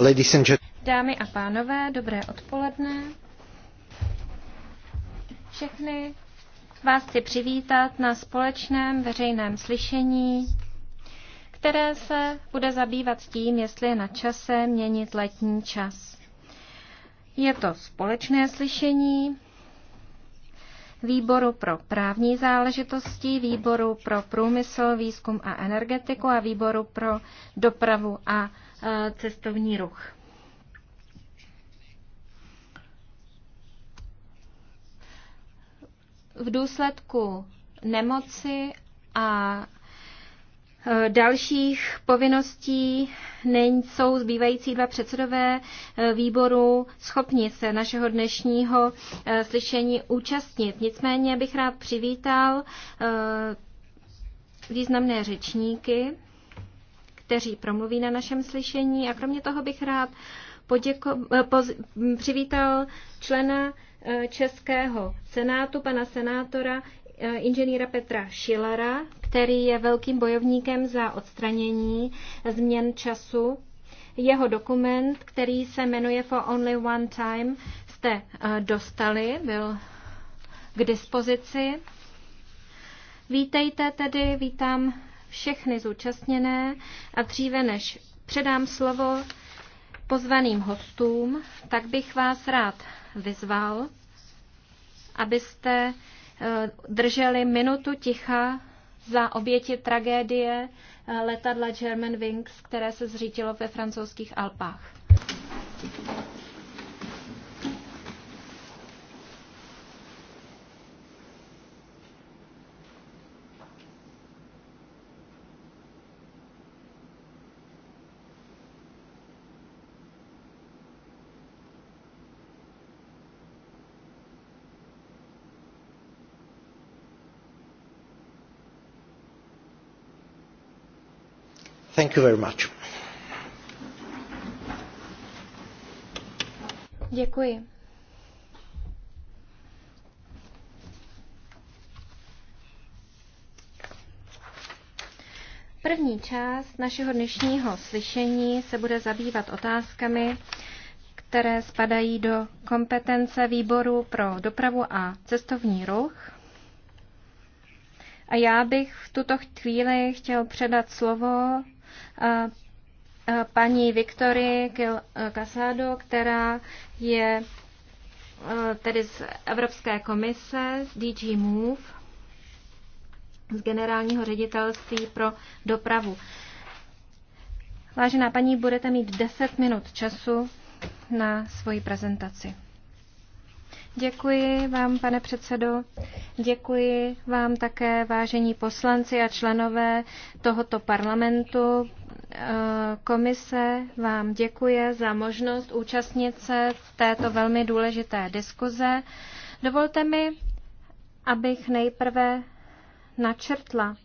Ladies and Dámy a pánové, dobré odpoledne. Všechny vás chci přivítat na společném veřejném slyšení, které se bude zabývat tím, jestli je na čase měnit letní čas. Je to společné slyšení výboru pro právní záležitosti, výboru pro průmysl, výzkum a energetiku a výboru pro dopravu a cestovní ruch. V důsledku nemoci a e, Dalších povinností nejsou zbývající dva předsedové e, výboru schopni se našeho dnešního e, slyšení účastnit. Nicméně bych rád přivítal významné řečníky kteří promluví na našem slyšení. A kromě toho bych rád poděko, eh, poz, přivítal člena eh, Českého senátu, pana senátora eh, inženýra Petra Šilara, který je velkým bojovníkem za odstranění změn času. Jeho dokument, který se jmenuje For Only One Time, jste dostali, byl k dispozici. Vítejte tedy, vítám všechny zúčastněné a dříve než předám slovo pozvaným hostům, tak bych vás rád vyzval, abyste eh, drželi minutu ticha za oběti tragédie eh, letadla Germanwings, které se zřítilo ve francouzských Alpách. Thank you very much. Děkuji. První část našeho dnešního slyšení se bude zabývat otázkami, které spadají do kompetence výboru pro dopravu a cestovní ruch. A já bych v tuto chvíli chtěl předat slovo paní Viktorii Casado, která je tedy z Evropské komise, z DG Move, z generálního ředitelství pro dopravu. Vážená paní, budete mít 10 minut času na svoji prezentaci. Děkuji vám, pane předsedo. Děkuji vám také, vážení poslanci a členové tohoto parlamentu. Eh, komise vám děkuje za možnost účastnit se této velmi důležité diskuze. Dovolte mi, abych nejprve načrtla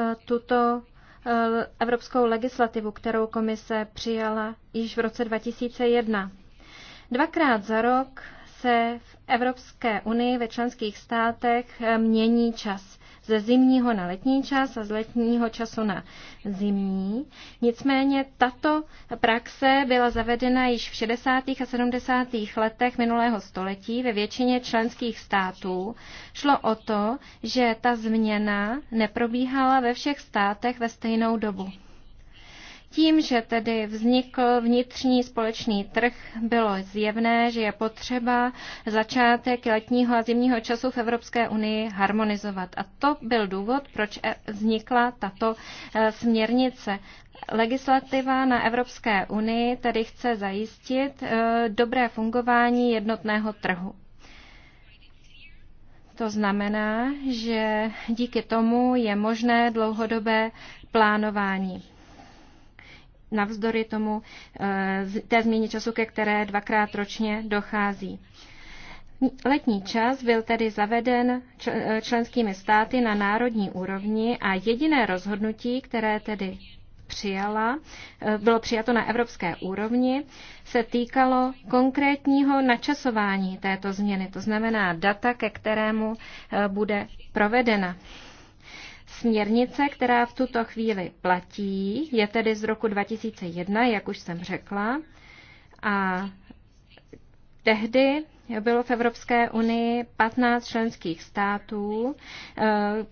eh, tuto eh, evropskou legislativu, kterou komise přijala již v roce 2001. Dvakrát za rok se v Evropské unii ve členských státech eh, mění čas. Ze zimního na letní čas a z letního času na zimní. Nicméně tato praxe byla zavedena již v 60. a 70. letech minulého století ve většině členských států. Šlo o to, že ta změna neprobíhala ve všech státech ve stejnou dobu. Tím, že tedy vznikl vnitřní společný trh, bylo zjevné, že je potřeba začátek letního a zimního času v Evropské unii harmonizovat. A to byl důvod, proč e- vznikla tato e, směrnice. Legislativa na Evropské unii tedy chce zajistit e, dobré fungování jednotného trhu. To znamená, že díky tomu je možné dlouhodobé plánování navzdory tomu eh, té změně času, ke které dvakrát ročně dochází. Letní čas byl tedy zaveden eh, členskými státy na národní úrovni a jediné rozhodnutí, které tedy přijala, eh, bylo přijato na evropské úrovni, se týkalo konkrétního načasování této změny, to znamená data, ke kterému bude provedena směrnice, která v tuto chvíli platí, je tedy z roku 2001, jak už jsem řekla, a tehdy bylo v Evropské unii 15 členských států, eh,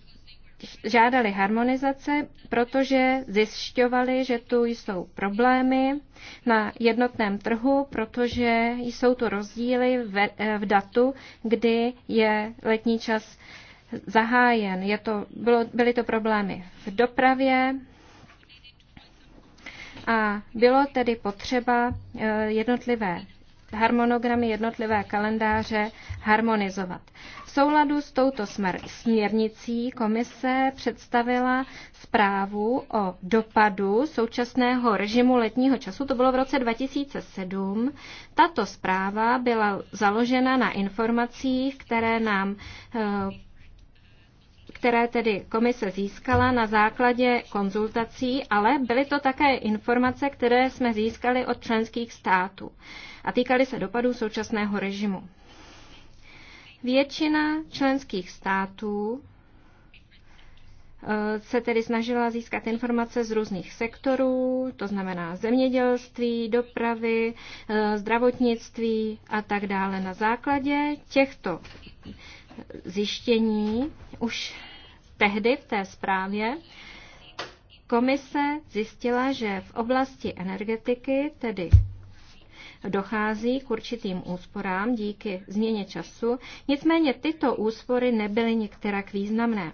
žádali harmonizace, protože zjišťovali, že tu jsou problémy na jednotném trhu, protože jsou tu rozdíly eh, v datu, kdy je letní čas zahájen. Je to, bylo, byly to problémy v dopravě a bylo tedy potřeba eh, jednotlivé harmonogramy, jednotlivé kalendáře harmonizovat. V souladu s touto směrnicí komise představila zprávu o dopadu současného režimu letního času. To bylo v roce 2007. Tato zpráva byla založena na informacích, které nám eh, které tedy komise získala na základě konzultací, ale byly to také informace, které jsme získali od členských států a týkaly se dopadů současného režimu. Většina členských států eh, se tedy snažila získat informace z různých sektorů, to znamená zemědělství, dopravy, eh, zdravotnictví a tak dále. Na základě těchto zjištění už tehdy v té zprávě. Komise zjistila, že v oblasti energetiky, tedy dochází k určitým úsporám díky změně času, nicméně tyto úspory nebyly některak významné.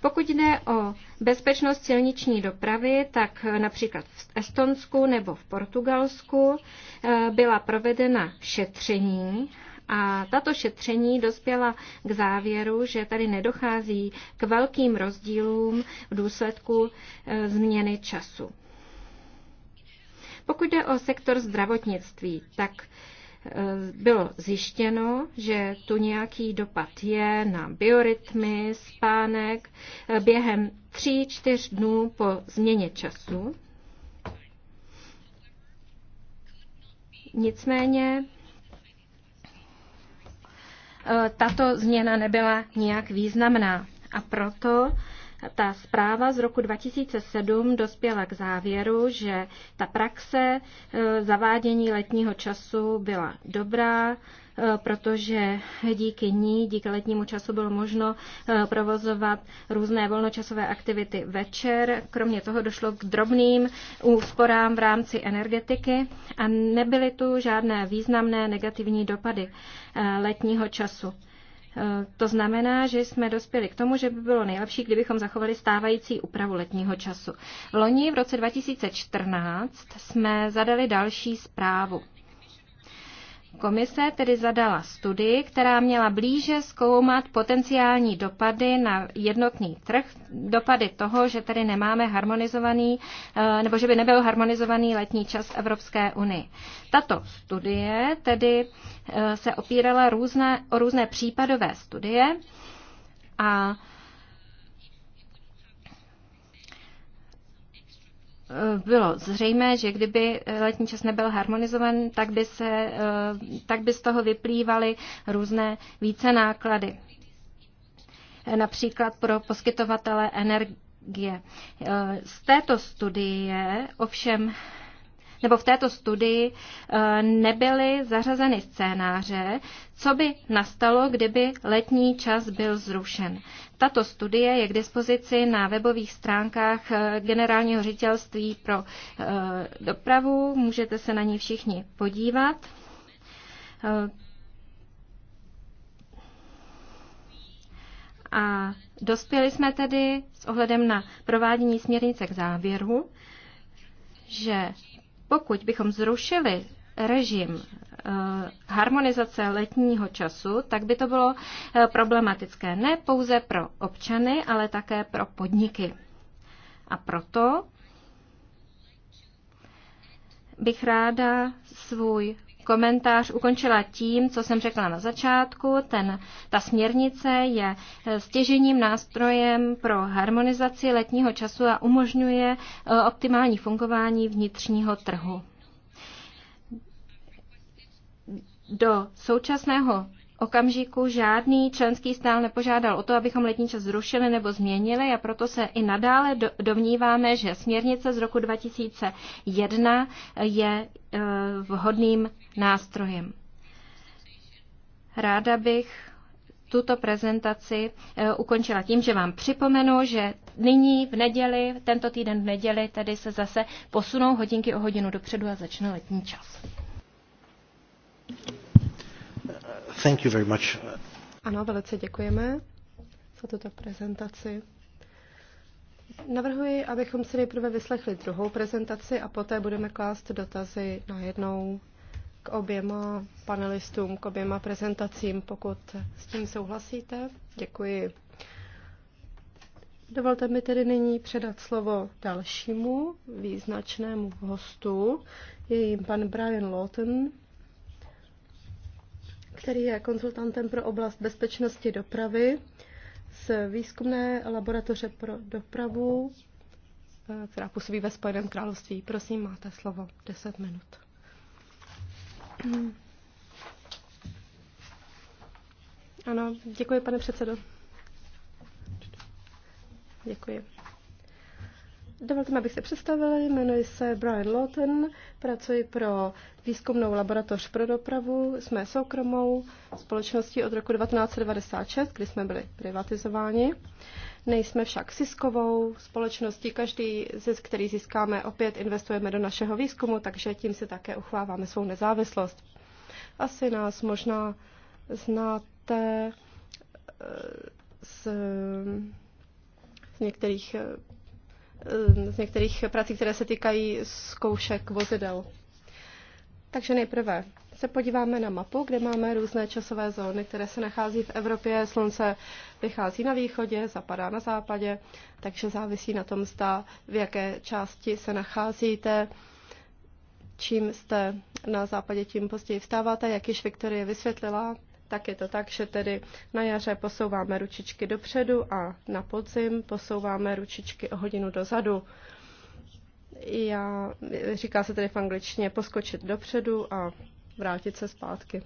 Pokud jde o bezpečnost silniční dopravy, tak například v Estonsku nebo v Portugalsku eh, byla provedena šetření a tato šetření dospěla k závěru, že tady nedochází k velkým rozdílům v důsledku e, změny času. Pokud jde o sektor zdravotnictví, tak e, bylo zjištěno, že tu nějaký dopad je na biorytmy, spánek e, během tří, čtyř dnů po změně času. Nicméně tato změna nebyla nijak významná. A proto ta zpráva z roku 2007 dospěla k závěru, že ta praxe e, zavádění letního času byla dobrá, Eh, protože díky ní, díky letnímu času bylo možno eh, provozovat různé volnočasové aktivity večer. Kromě toho došlo k drobným úsporám v rámci energetiky a nebyly tu žádné významné negativní dopady eh, letního času. To znamená, že jsme dospěli k tomu, že by bylo nejlepší, kdybychom zachovali stávající úpravu letního času. Loni v roce 2014 jsme zadali další zprávu Komise tedy zadala studii, která měla blíže zkoumat potenciální dopady na jednotný trh, dopady toho, že tady nemáme harmonizovaný, eh, nebo že by nebyl harmonizovaný letní čas Evropské unii. Tato studie tedy eh, se opírala různé, o různé případové studie a bylo zřejmé, že kdyby letní čas nebyl harmonizovan, tak by, se, eh, tak by z toho vyplývaly různé více náklady. Například pro poskytovatele energie. Eh, z této studie ovšem nebo v této studii eh, nebyly zařazeny scénáře, co by nastalo, kdyby letní čas byl zrušen. Tato studie je k dispozici na webových stránkách eh, Generálního ředitelství pro eh, dopravu. Můžete se na ní všichni podívat. A dospěli jsme tedy s ohledem na provádění směrnice k závěru, že pokud bychom zrušili režim eh, harmonizace letního času, tak by to bylo eh, problematické ne pouze pro občany, ale také pro podniky. A proto bych ráda svůj komentář ukončila tím, co jsem řekla na začátku. Ten, ta směrnice je eh, stěžením nástrojem pro harmonizaci letního času a umožňuje eh, optimální fungování vnitřního trhu. Do současného okamžiku žádný členský stál nepožádal o to, abychom letní čas zrušili nebo změnili a proto se i nadále domníváme, že směrnice z roku 2001 eh, je eh, vhodným nástrojem. Ráda bych tuto prezentaci eh, ukončila tím, že vám připomenu, že nyní v neděli, tento týden v neděli, tady se zase posunou hodinky o hodinu dopředu a začne letní čas. Thank you very much. Ano, velice děkujeme za tuto prezentaci. Navrhuji, abychom si nejprve vyslechli druhou prezentaci a poté budeme klást dotazy najednou k oběma panelistům, k oběma prezentacím, pokud s tím souhlasíte. Děkuji. Dovolte mi tedy nyní předat slovo dalšímu význačnému hostu. Je jim pan Brian Lawton, který je konzultantem pro oblast bezpečnosti dopravy z výzkumné laboratoře pro dopravu, eh, která působí ve Spojeném království. Prosím, máte slovo 10 minut. Ano, děkuji, pane předsedo. Děkuji. Dovolte mi, abych se představila. Jmenuji se Brian Lawton, pracuji pro výzkumnou laboratoř pro dopravu. Jsme soukromou společností od roku 1996, kdy jsme byli privatizováni. Nejsme však siskovou společností. Každý zisk, který získáme, opět investujeme do našeho výzkumu, takže tím si také uchváváme svou nezávislost. Asi nás možná znáte eh, z z některých eh, Eh, z některých prací, které se týkají zkoušek vozidel. Takže nejprve se podíváme na mapu, kde máme různé časové zóny, které se nachází v Evropě. Slunce vychází na východě, zapadá na západě, takže závisí na tom, zda v jaké části se nacházíte, čím jste na západě, tím později vstáváte, jak již Viktorie vysvětlila, tak je to tak, že tedy na jaře posouváme ručičky dopředu a na podzim posouváme ručičky o hodinu dozadu. Já, říká se tedy v angličtině poskočit dopředu a vrátit se zpátky.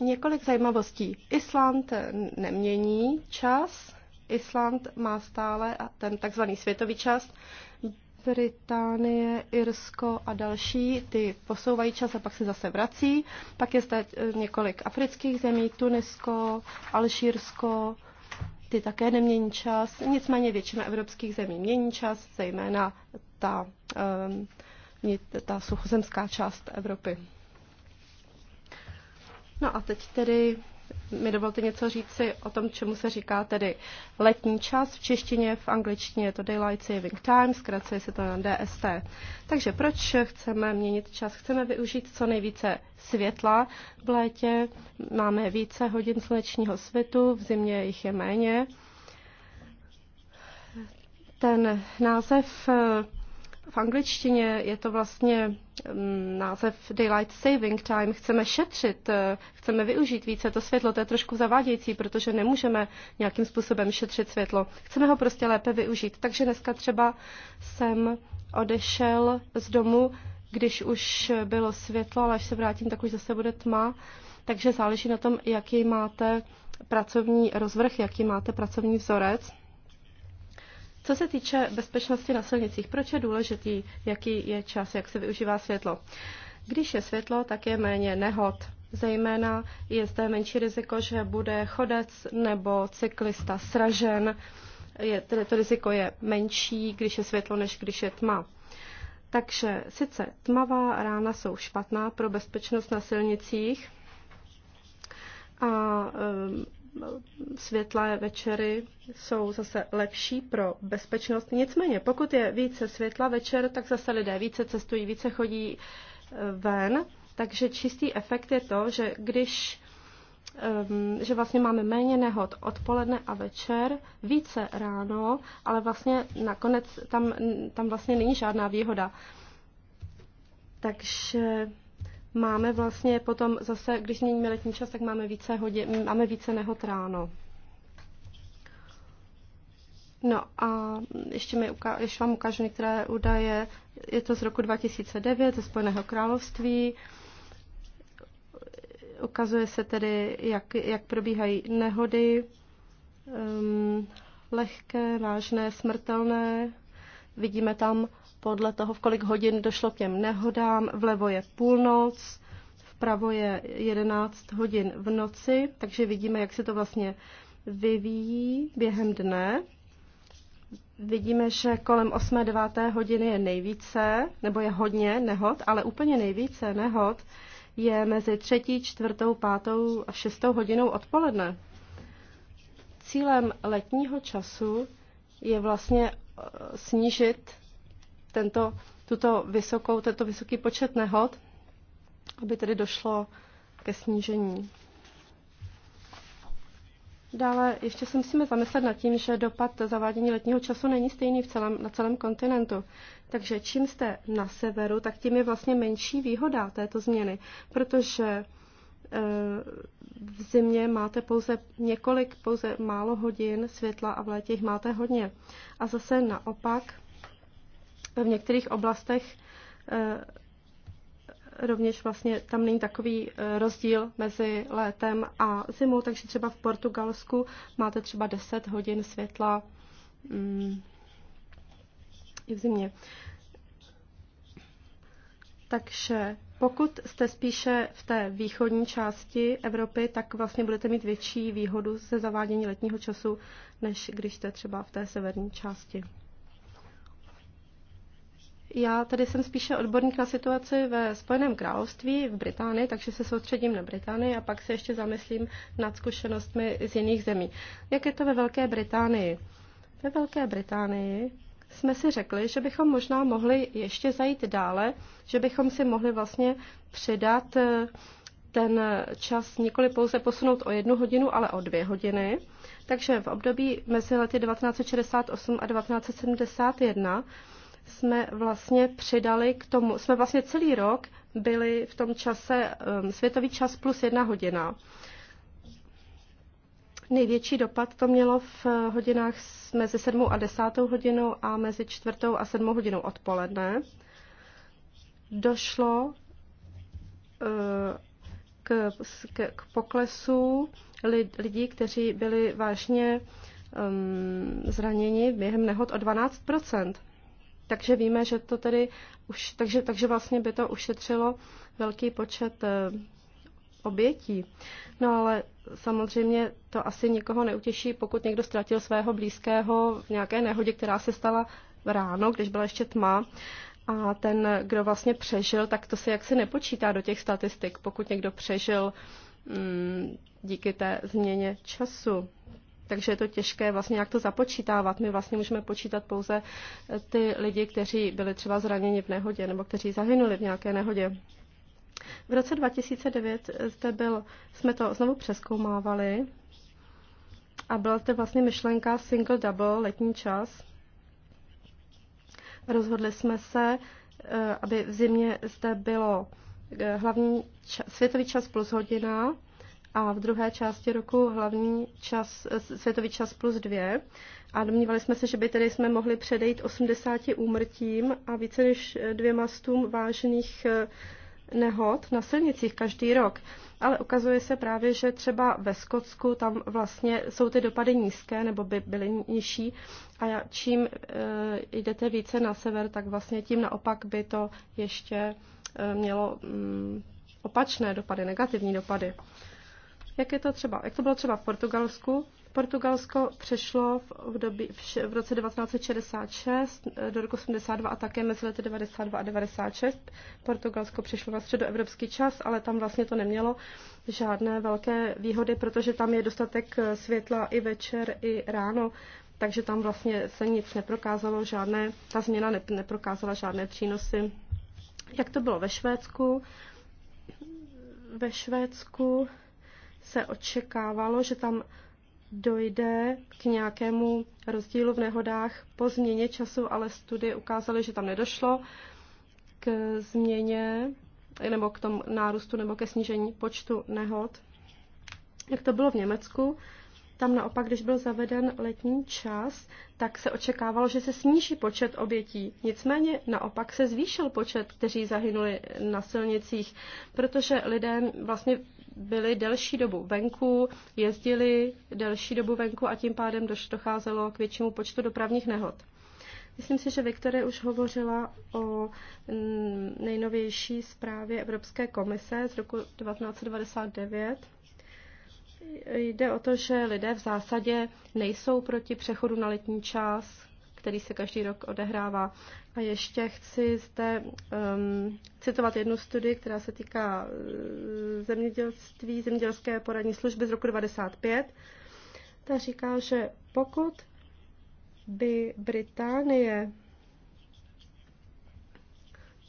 Několik zajímavostí. Island nemění čas. Island má stále ten takzvaný světový čas, Británie, Irsko a další, ty posouvají čas a pak se zase vrací. Pak je zde eh, několik afrických zemí, Tunisko, Alžírsko, ty také nemění čas. Nicméně většina evropských zemí mění čas, zejména ta, ehm, ta suchozemská část Evropy. No a teď tedy mi dovolte něco říct si o tom, čemu se říká tedy letní čas. V češtině, v angličtině je to Daylight Saving Time, zkracuje se to na DST. Takže proč chceme měnit čas? Chceme využít co nejvíce světla v létě. Máme více hodin slunečního svitu, v zimě jich je méně. Ten název v angličtině je to vlastně mm, název Daylight Saving Time. Chceme šetřit, eh, chceme využít více to světlo. To je trošku zavádějící, protože nemůžeme nějakým způsobem šetřit světlo. Chceme ho prostě lépe využít. Takže dneska třeba jsem odešel z domu, když už bylo světlo, ale až se vrátím, tak už zase bude tma. Takže záleží na tom, jaký máte pracovní rozvrh, jaký máte pracovní vzorec. Co se týče bezpečnosti na silnicích, proč je důležitý, jaký je čas, jak se využívá světlo? Když je světlo, tak je méně nehod. Zejména je zde menší riziko, že bude chodec nebo cyklista sražen. Je, tedy to riziko je menší, když je světlo, než když je tma. Takže sice tmavá rána jsou špatná pro bezpečnost na silnicích, a světlé večery jsou zase lepší pro bezpečnost. Nicméně, pokud je více světla večer, tak zase lidé více cestují, více chodí eh, ven. Takže čistý efekt je to, že když ehm, že vlastně máme méně nehod odpoledne a večer, více ráno, ale vlastně nakonec tam, tam vlastně není žádná výhoda. Takže máme vlastně potom zase, když změníme letní čas, tak máme více, hodin, máme více nehod ráno. No a ještě, mi uka- ještě vám ukážu některé údaje. Je to z roku 2009 ze Spojeného království. Ukazuje se tedy, jak, jak probíhají nehody. Um, lehké, vážné, smrtelné. Vidíme tam podle toho, v kolik hodin došlo k těm nehodám. Vlevo je půlnoc, vpravo je 11 hodin v noci, takže vidíme, jak se to vlastně vyvíjí během dne. Vidíme, že kolem 8. 9. hodiny je nejvíce, nebo je hodně nehod, ale úplně nejvíce nehod je mezi 3., 4., 5. a 6. hodinou odpoledne. Cílem letního času je vlastně eh, snížit tento, tuto vysokou, tento vysoký počet nehod, aby tedy došlo ke snížení. Dále ještě se musíme zamyslet nad tím, že dopad zavádění letního času není stejný v celém, na celém kontinentu. Takže čím jste na severu, tak tím je vlastně menší výhoda této změny, protože eh, v zimě máte pouze několik, pouze málo hodin světla a v létě jich máte hodně. A zase naopak v některých oblastech eh, rovněž vlastně tam není takový eh, rozdíl mezi létem a zimou, takže třeba v Portugalsku máte třeba 10 hodin světla mm, i v zimě. Takže pokud jste spíše v té východní části Evropy, tak vlastně budete mít větší výhodu ze zavádění letního času, než když jste třeba v té severní části. Já tady jsem spíše odborník na situaci ve Spojeném království, v Británii, takže se soustředím na Británii a pak se ještě zamyslím nad zkušenostmi z jiných zemí. Jak je to ve Velké Británii? Ve Velké Británii jsme si řekli, že bychom možná mohli ještě zajít dále, že bychom si mohli vlastně přidat eh, ten čas nikoli pouze posunout o jednu hodinu, ale o dvě hodiny. Takže v období mezi lety 1968 a 1971 jsme vlastně přidali k tomu, jsme vlastně celý rok byli v tom čase um, světový čas plus jedna hodina. Největší dopad to mělo v eh, hodinách mezi 7 a 10 hodinou a mezi 4 a 7 hodinou odpoledne. Došlo eh, k, k, k poklesu lidí, kteří byli vážně um, zraněni během nehod o 12 takže víme, že to tedy už, takže, takže vlastně by to ušetřilo velký počet eh, obětí. No ale samozřejmě to asi nikoho neutěší, pokud někdo ztratil svého blízkého v nějaké nehodě, která se stala ráno, když byla ještě tma. A ten, kdo vlastně přežil, tak to se jaksi nepočítá do těch statistik, pokud někdo přežil mm, díky té změně času takže je to těžké vlastně jak to započítávat. My vlastně můžeme počítat pouze eh, ty lidi, kteří byli třeba zraněni v nehodě nebo kteří zahynuli v nějaké nehodě. V roce 2009 eh, zde byl, jsme to znovu přeskoumávali a byla zde vlastně myšlenka single-double letní čas. Rozhodli jsme se, eh, aby v zimě zde bylo hlavní čas, světový čas plus hodina a v druhé části roku hlavní čas, světový čas plus dvě. A domnívali jsme se, že by tedy jsme mohli předejít 80 úmrtím a více než dvěma stům vážných eh, nehod na silnicích každý rok. Ale ukazuje se právě, že třeba ve Skotsku tam vlastně jsou ty dopady nízké nebo by byly nižší a čím e, jdete více na sever, tak vlastně tím naopak by to ještě e, mělo mm, opačné dopady, negativní dopady. Jak, je to třeba, jak to bylo třeba v Portugalsku? Portugalsko přešlo v, době v, v roce 1966 eh, do roku 82 a také mezi lety 92 a 96. Portugalsko přešlo na středoevropský čas, ale tam vlastně to nemělo žádné velké výhody, protože tam je dostatek eh, světla i večer, i ráno, takže tam vlastně se nic neprokázalo, žádné, ta změna ne, neprokázala žádné přínosy. Jak to bylo ve Švédsku? Ve Švédsku se očekávalo, že tam dojde k nějakému rozdílu v nehodách po změně času, ale studie ukázaly, že tam nedošlo k změně nebo k tomu nárůstu nebo ke snížení počtu nehod. Jak to bylo v Německu, tam naopak, když byl zaveden letní čas, tak se očekávalo, že se sníží počet obětí. Nicméně naopak se zvýšil počet, kteří zahynuli na silnicích, protože lidé vlastně byli delší dobu venku, jezdili delší dobu venku a tím pádem docházelo k většímu počtu dopravních nehod. Myslím si, že Viktorie už hovořila o nejnovější zprávě Evropské komise z roku 1999. Jde o to, že lidé v zásadě nejsou proti přechodu na letní čas, který se každý rok odehrává. A ještě chci zde um, citovat jednu studii, která se týká eh, zemědělství, zemědělské poradní služby z roku 1995. Ta říká, že pokud by Británie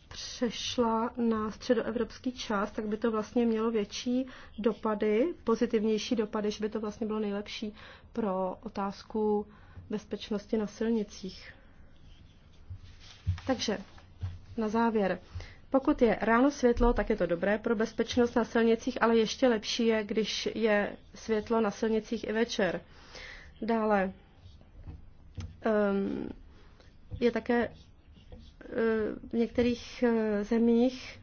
přešla na středoevropský čas, tak by to vlastně mělo větší dopady, pozitivnější dopady, že by to vlastně bylo nejlepší pro otázku bezpečnosti na silnicích. Takže na závěr. Pokud je ráno světlo, tak je to dobré pro bezpečnost na silnicích, ale ještě lepší je, když je světlo na silnicích i večer. Dále um, je také eh, v některých eh, zemích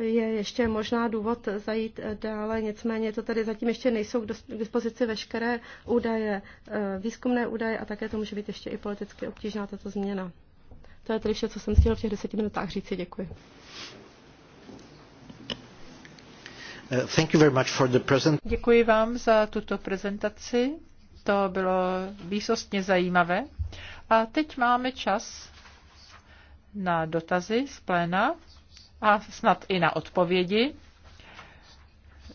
je ještě možná důvod zajít dále, nicméně to tady zatím ještě nejsou k dispozici veškeré údaje, eh, výzkumné údaje a také to může být ještě i politicky obtížná tato změna. To je tedy vše, co jsem chtěla v těch deseti minutách říci. Děkuji. Eh, thank you very much for the present. Děkuji vám za tuto prezentaci. To bylo výsostně zajímavé. A teď máme čas na dotazy z pléna a snad i na odpovědi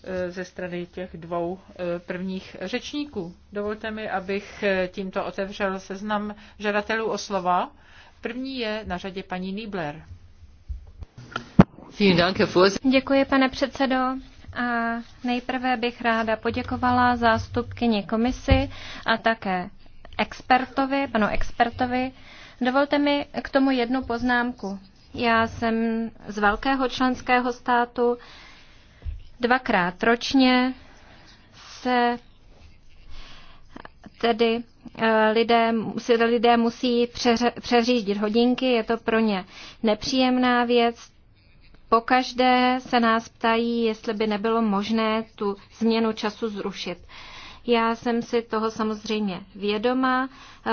eh, ze strany těch dvou eh, prvních řečníků. Dovolte mi, abych eh, tímto otevřel seznam žadatelů o slova. První je na řadě paní Niebler. Děkuji, pane předsedo. A nejprve bych ráda poděkovala zástupkyni komisi a také expertovi, panu expertovi. Dovolte mi k tomu jednu poznámku. Já jsem z velkého členského státu. Dvakrát ročně se tedy eh, lidé, si lidé musí přeře, přeřídit hodinky, je to pro ně nepříjemná věc. Pokaždé se nás ptají, jestli by nebylo možné tu změnu času zrušit. Já jsem si toho samozřejmě vědoma. Eh,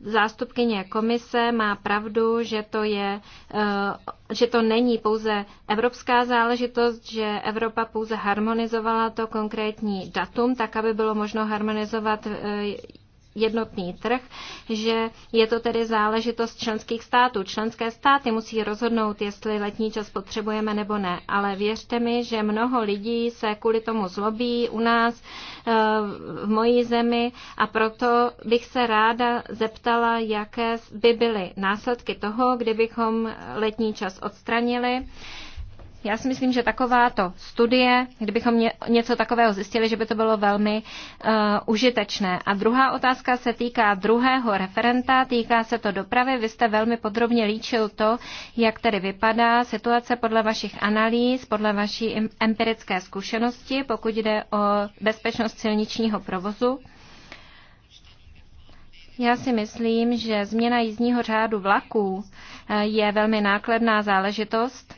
zástupkyně komise má pravdu, že to, je, eh, že to není pouze evropská záležitost, že Evropa pouze harmonizovala to konkrétní datum, tak aby bylo možno harmonizovat eh, jednotný trh, že je to tedy záležitost členských států. Členské státy musí rozhodnout, jestli letní čas potřebujeme nebo ne. Ale věřte mi, že mnoho lidí se kvůli tomu zlobí u nás, eh, v mojí zemi a proto bych se ráda zeptala, jaké by byly následky toho, kdybychom letní čas odstranili. Já si myslím, že takováto studie, kdybychom něco takového zjistili, že by to bylo velmi uh, užitečné. A druhá otázka se týká druhého referenta, týká se to dopravy. Vy jste velmi podrobně líčil to, jak tedy vypadá situace podle vašich analýz, podle vaší empirické zkušenosti, pokud jde o bezpečnost silničního provozu. Já si myslím, že změna jízdního řádu vlaků eh, je velmi nákladná záležitost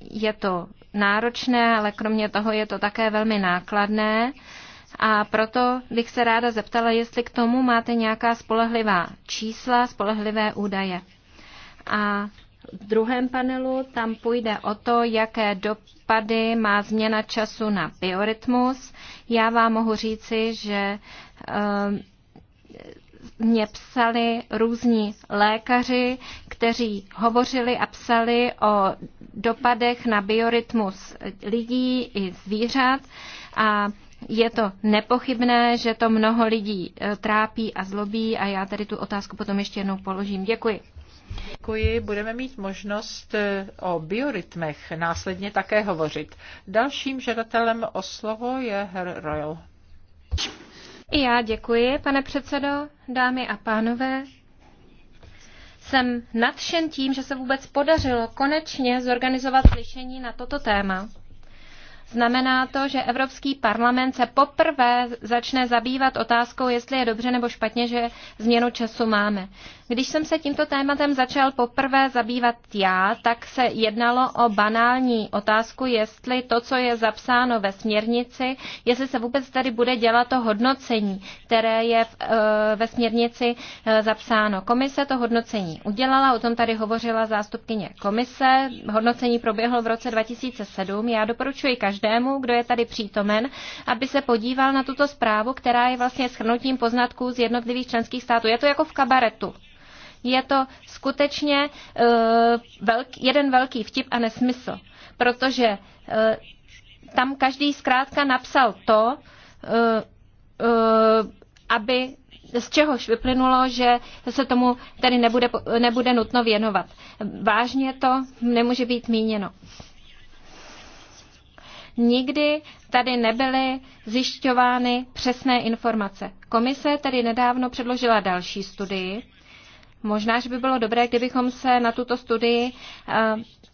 je to náročné, ale kromě toho je to také velmi nákladné. A proto bych se ráda zeptala, jestli k tomu máte nějaká spolehlivá čísla, spolehlivé údaje. A v druhém panelu tam půjde o to, jaké dopady má změna času na biorytmus. Já vám mohu říci, že mě psali různí lékaři, kteří hovořili a psali o dopadech na biorytmus lidí i zvířat a je to nepochybné, že to mnoho lidí e, trápí a zlobí a já tady tu otázku potom ještě jednou položím. Děkuji. Děkuji. Budeme mít možnost e, o biorytmech následně také hovořit. Dalším žadatelem o slovo je Herr Royal. I já děkuji, pane předsedo, dámy a pánové. Jsem nadšen tím, že se vůbec podařilo konečně zorganizovat slyšení na toto téma. Znamená to, že Evropský parlament se poprvé začne zabývat otázkou, jestli je dobře nebo špatně, že změnu času máme. Když jsem se tímto tématem začal poprvé zabývat já, tak se jednalo o banální otázku, jestli to, co je zapsáno ve směrnici, jestli se vůbec tady bude dělat to hodnocení, které je v, e, ve směrnici e, zapsáno. Komise to hodnocení udělala, o tom tady hovořila zástupkyně komise. Hodnocení proběhlo v roce 2007. Já doporučuji každý každému, kdo je tady přítomen, aby se podíval na tuto zprávu, která je vlastně shrnutím poznatků z jednotlivých členských států. Je to jako v kabaretu. Je to skutečně uh, velk, jeden velký vtip a nesmysl, protože uh, tam každý zkrátka napsal to, uh, uh, aby z čehož vyplynulo, že se tomu tedy nebude, nebude nutno věnovat. Vážně to nemůže být míněno. Uh, nikdy tady nebyly zjišťovány přesné informace. Komise tedy nedávno předložila další studii. Možná, že by bylo dobré, kdybychom se na tuto studii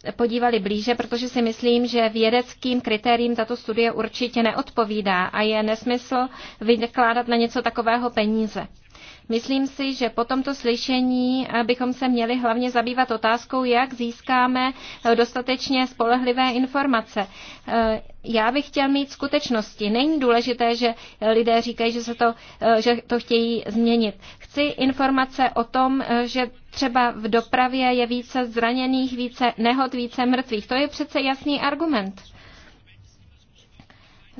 eh, podívali blíže, protože si myslím, že vědeckým kritériím tato studie určitě neodpovídá a je nesmysl vykládat na něco takového peníze. Myslím si, že po tomto slyšení eh, bychom se měli hlavně zabývat otázkou, jak získáme eh, dostatečně spolehlivé informace. Eh, já bych chtěl mít skutečnosti. Není důležité, že lidé říkají, že, se to, že to chtějí změnit. Chci informace o tom, že třeba v dopravě je více zraněných, více nehod, více mrtvých. To je přece jasný argument.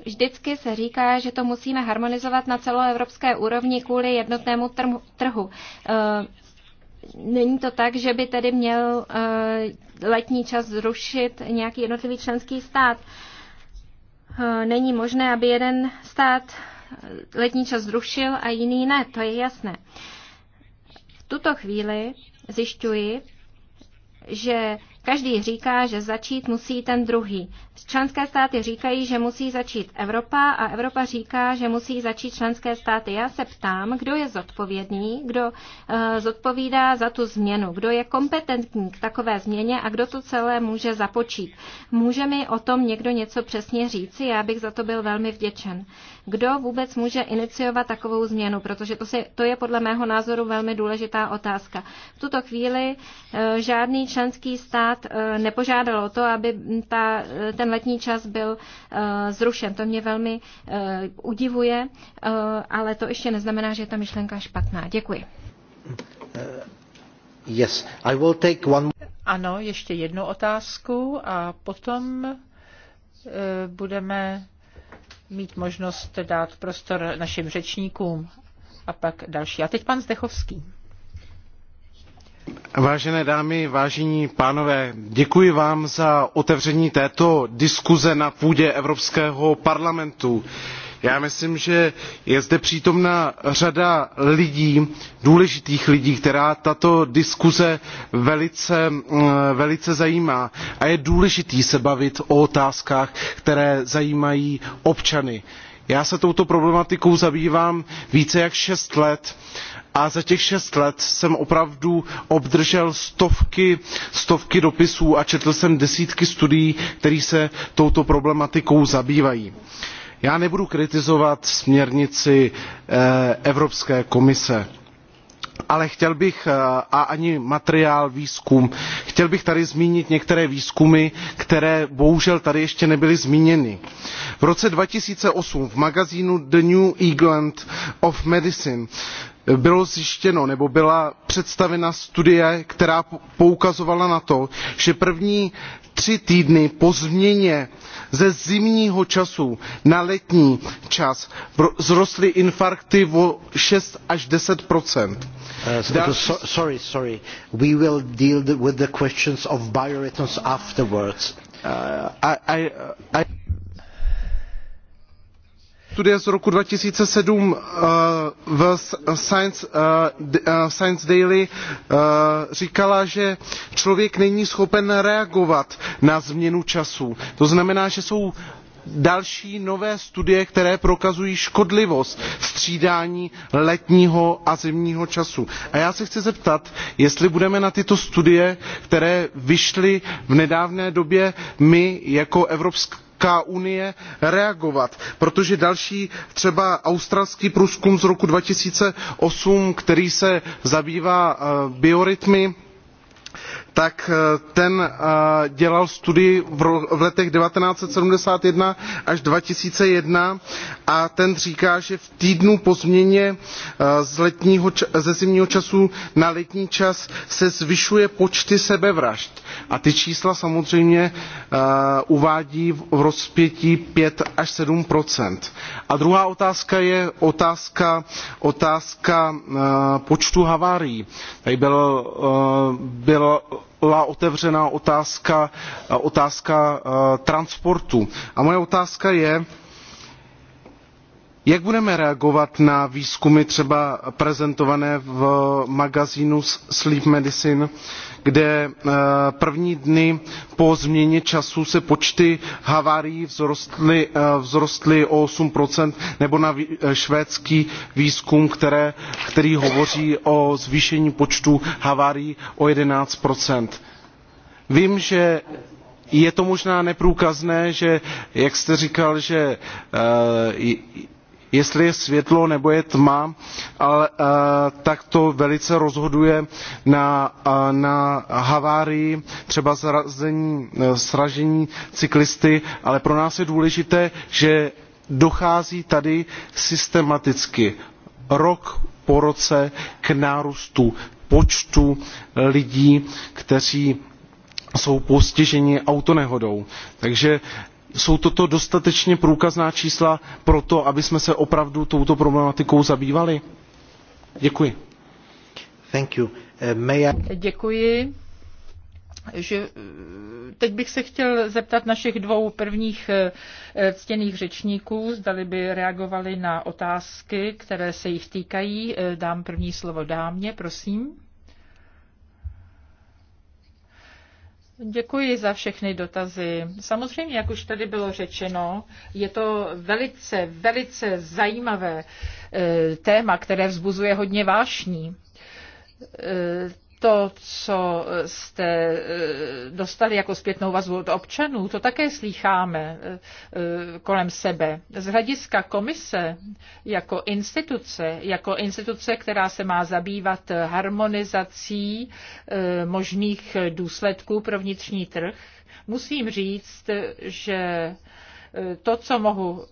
Vždycky se říká, že to musíme harmonizovat na celoevropské úrovni kvůli jednotnému trhu. Eh, není to tak, že by tedy měl eh, letní čas zrušit nějaký jednotlivý členský stát. Eh, není možné, aby jeden stát letní čas zrušil a jiný ne, to je jasné. V tuto chvíli zjišťuji, že Každý říká, že začít musí ten druhý. Členské státy říkají, že musí začít Evropa a Evropa říká, že musí začít členské státy. Já se ptám, kdo je zodpovědný, kdo uh, zodpovídá za tu změnu, kdo je kompetentní k takové změně a kdo to celé může započít. Může mi o tom někdo něco přesně říci? Já bych za to byl velmi vděčen. Kdo vůbec může iniciovat takovou změnu? Protože to, si, to je podle mého názoru velmi důležitá otázka. V tuto chvíli uh, žádný členský stát tenkrát eh, nepožádalo o to, aby ta, eh, ten letní čas byl eh, zrušen. To mě velmi udivuje, ale to ještě neznamená, že je ta myšlenka špatná. Děkuji. Yes, I will take one... Ano, ještě jednu otázku a potom budeme mít možnost dát prostor našim řečníkům a pak další. A teď pan Zdechovský vážené dámy vážení pánové děkuji vám za otevření této diskuse na půdě evropského parlamentu. já myslím že je zde přítomna řada lidí důležitých lidí které tato diskuse velice, mm, velice zajímá a je důležité se bavit o otázkách které zajímají občany. já se touto problematikou zabývám více než šest let a za těch šest let jsem opravdu obdržel stovky, dopisů a četl jsem desítky studií které se touto problematikou zabývají. já nebudu kritizovat směrnici eh, evropské komise ale chtěl bych eh, a ani materiál výzkum chtěl bych tady zmínit některé výzkumy které bohužel tady ještě nebyly zmíněny. v roce two thousand and eight v magazínu the new england of medicine bylo zjištěno nebo byla představena studie která poukazovala na to že první tři týdny po změně ze zimního času na letní čas vzrostly infarkty o six až ten procent. Eh, sorry, sorry. We will deal with the questions of afterwards. Eh, studie z roku two thousand and seven v science, eh, eh, science daily eh, říkala že člověk není schopen reagovat na změnu času to znamená že jsou další nové studie které prokazují škodlivost střídání letního a zimního času. a já se chci zeptat jestli budeme na tyto studie které vyšly v nedávné době my jako evropská unie reagovat protože další třeba australský průzkum z roku two thousand and eight který se zabývá eh, biorytmy tak eh, ten eh, dělal studii v letech one thousand nine hundred and seventy one až two thousand and one a ten říká že v týdnu po změně eh, z letního, ze zimního času na letní čas se zvyšuje počty sebevražd a ty čísla samozřejmě uvádí v rozpětí five až seven a druhá otázka je otázka, otázka počtu havárií. tady byl, byl byla otevřena otázka, otázka eh, transportu. A moje otázka je, jak budeme reagovat na výzkumy třeba prezentované v magazínu sleep medicine kde eh, první dny po změně času se počty havárií vzrostly, eh, vzrostly o 8 nebo na eh, švédský výzkum, které, který hovoří o zvýšení počtu havárií o 11 Vím, že je to možná neprůkazné, že, jak jste říkal, že jestli je světlo nebo je tma eh, tak to velice rozhoduje na, eh, na havárii třeba zrazení, eh, sražení cyklisty ale pro nás je důležité že dochází tady systematicky rok po roce k nárůstu počtu lidí kteří jsou postiženi autonehodou. takže jsou toto dostatečně průkazná čísla pro to abychom se opravdu touto problematikou zabývali? děkuji. Eh, děkuji. Že, eh, teď bych se chtěl zeptat našich dvou prvních eh, ctěných řečníků, zdali by reagovali na otázky, které se jich týkají. Dám první slovo dámě, prosím. Děkuji za všechny dotazy. Samozřejmě, jak už tady bylo řečeno, je to velice, velice zajímavé eh, téma, které vzbuzuje hodně vášní eh, to, co jste eh, dostali jako zpětnou vazbu od občanů, to také slýcháme eh, eh, kolem sebe. Z hlediska komise jako instituce, jako instituce, která se má zabývat harmonizací možných důsledků pro vnitřní trh, musím říct, že to, co mohu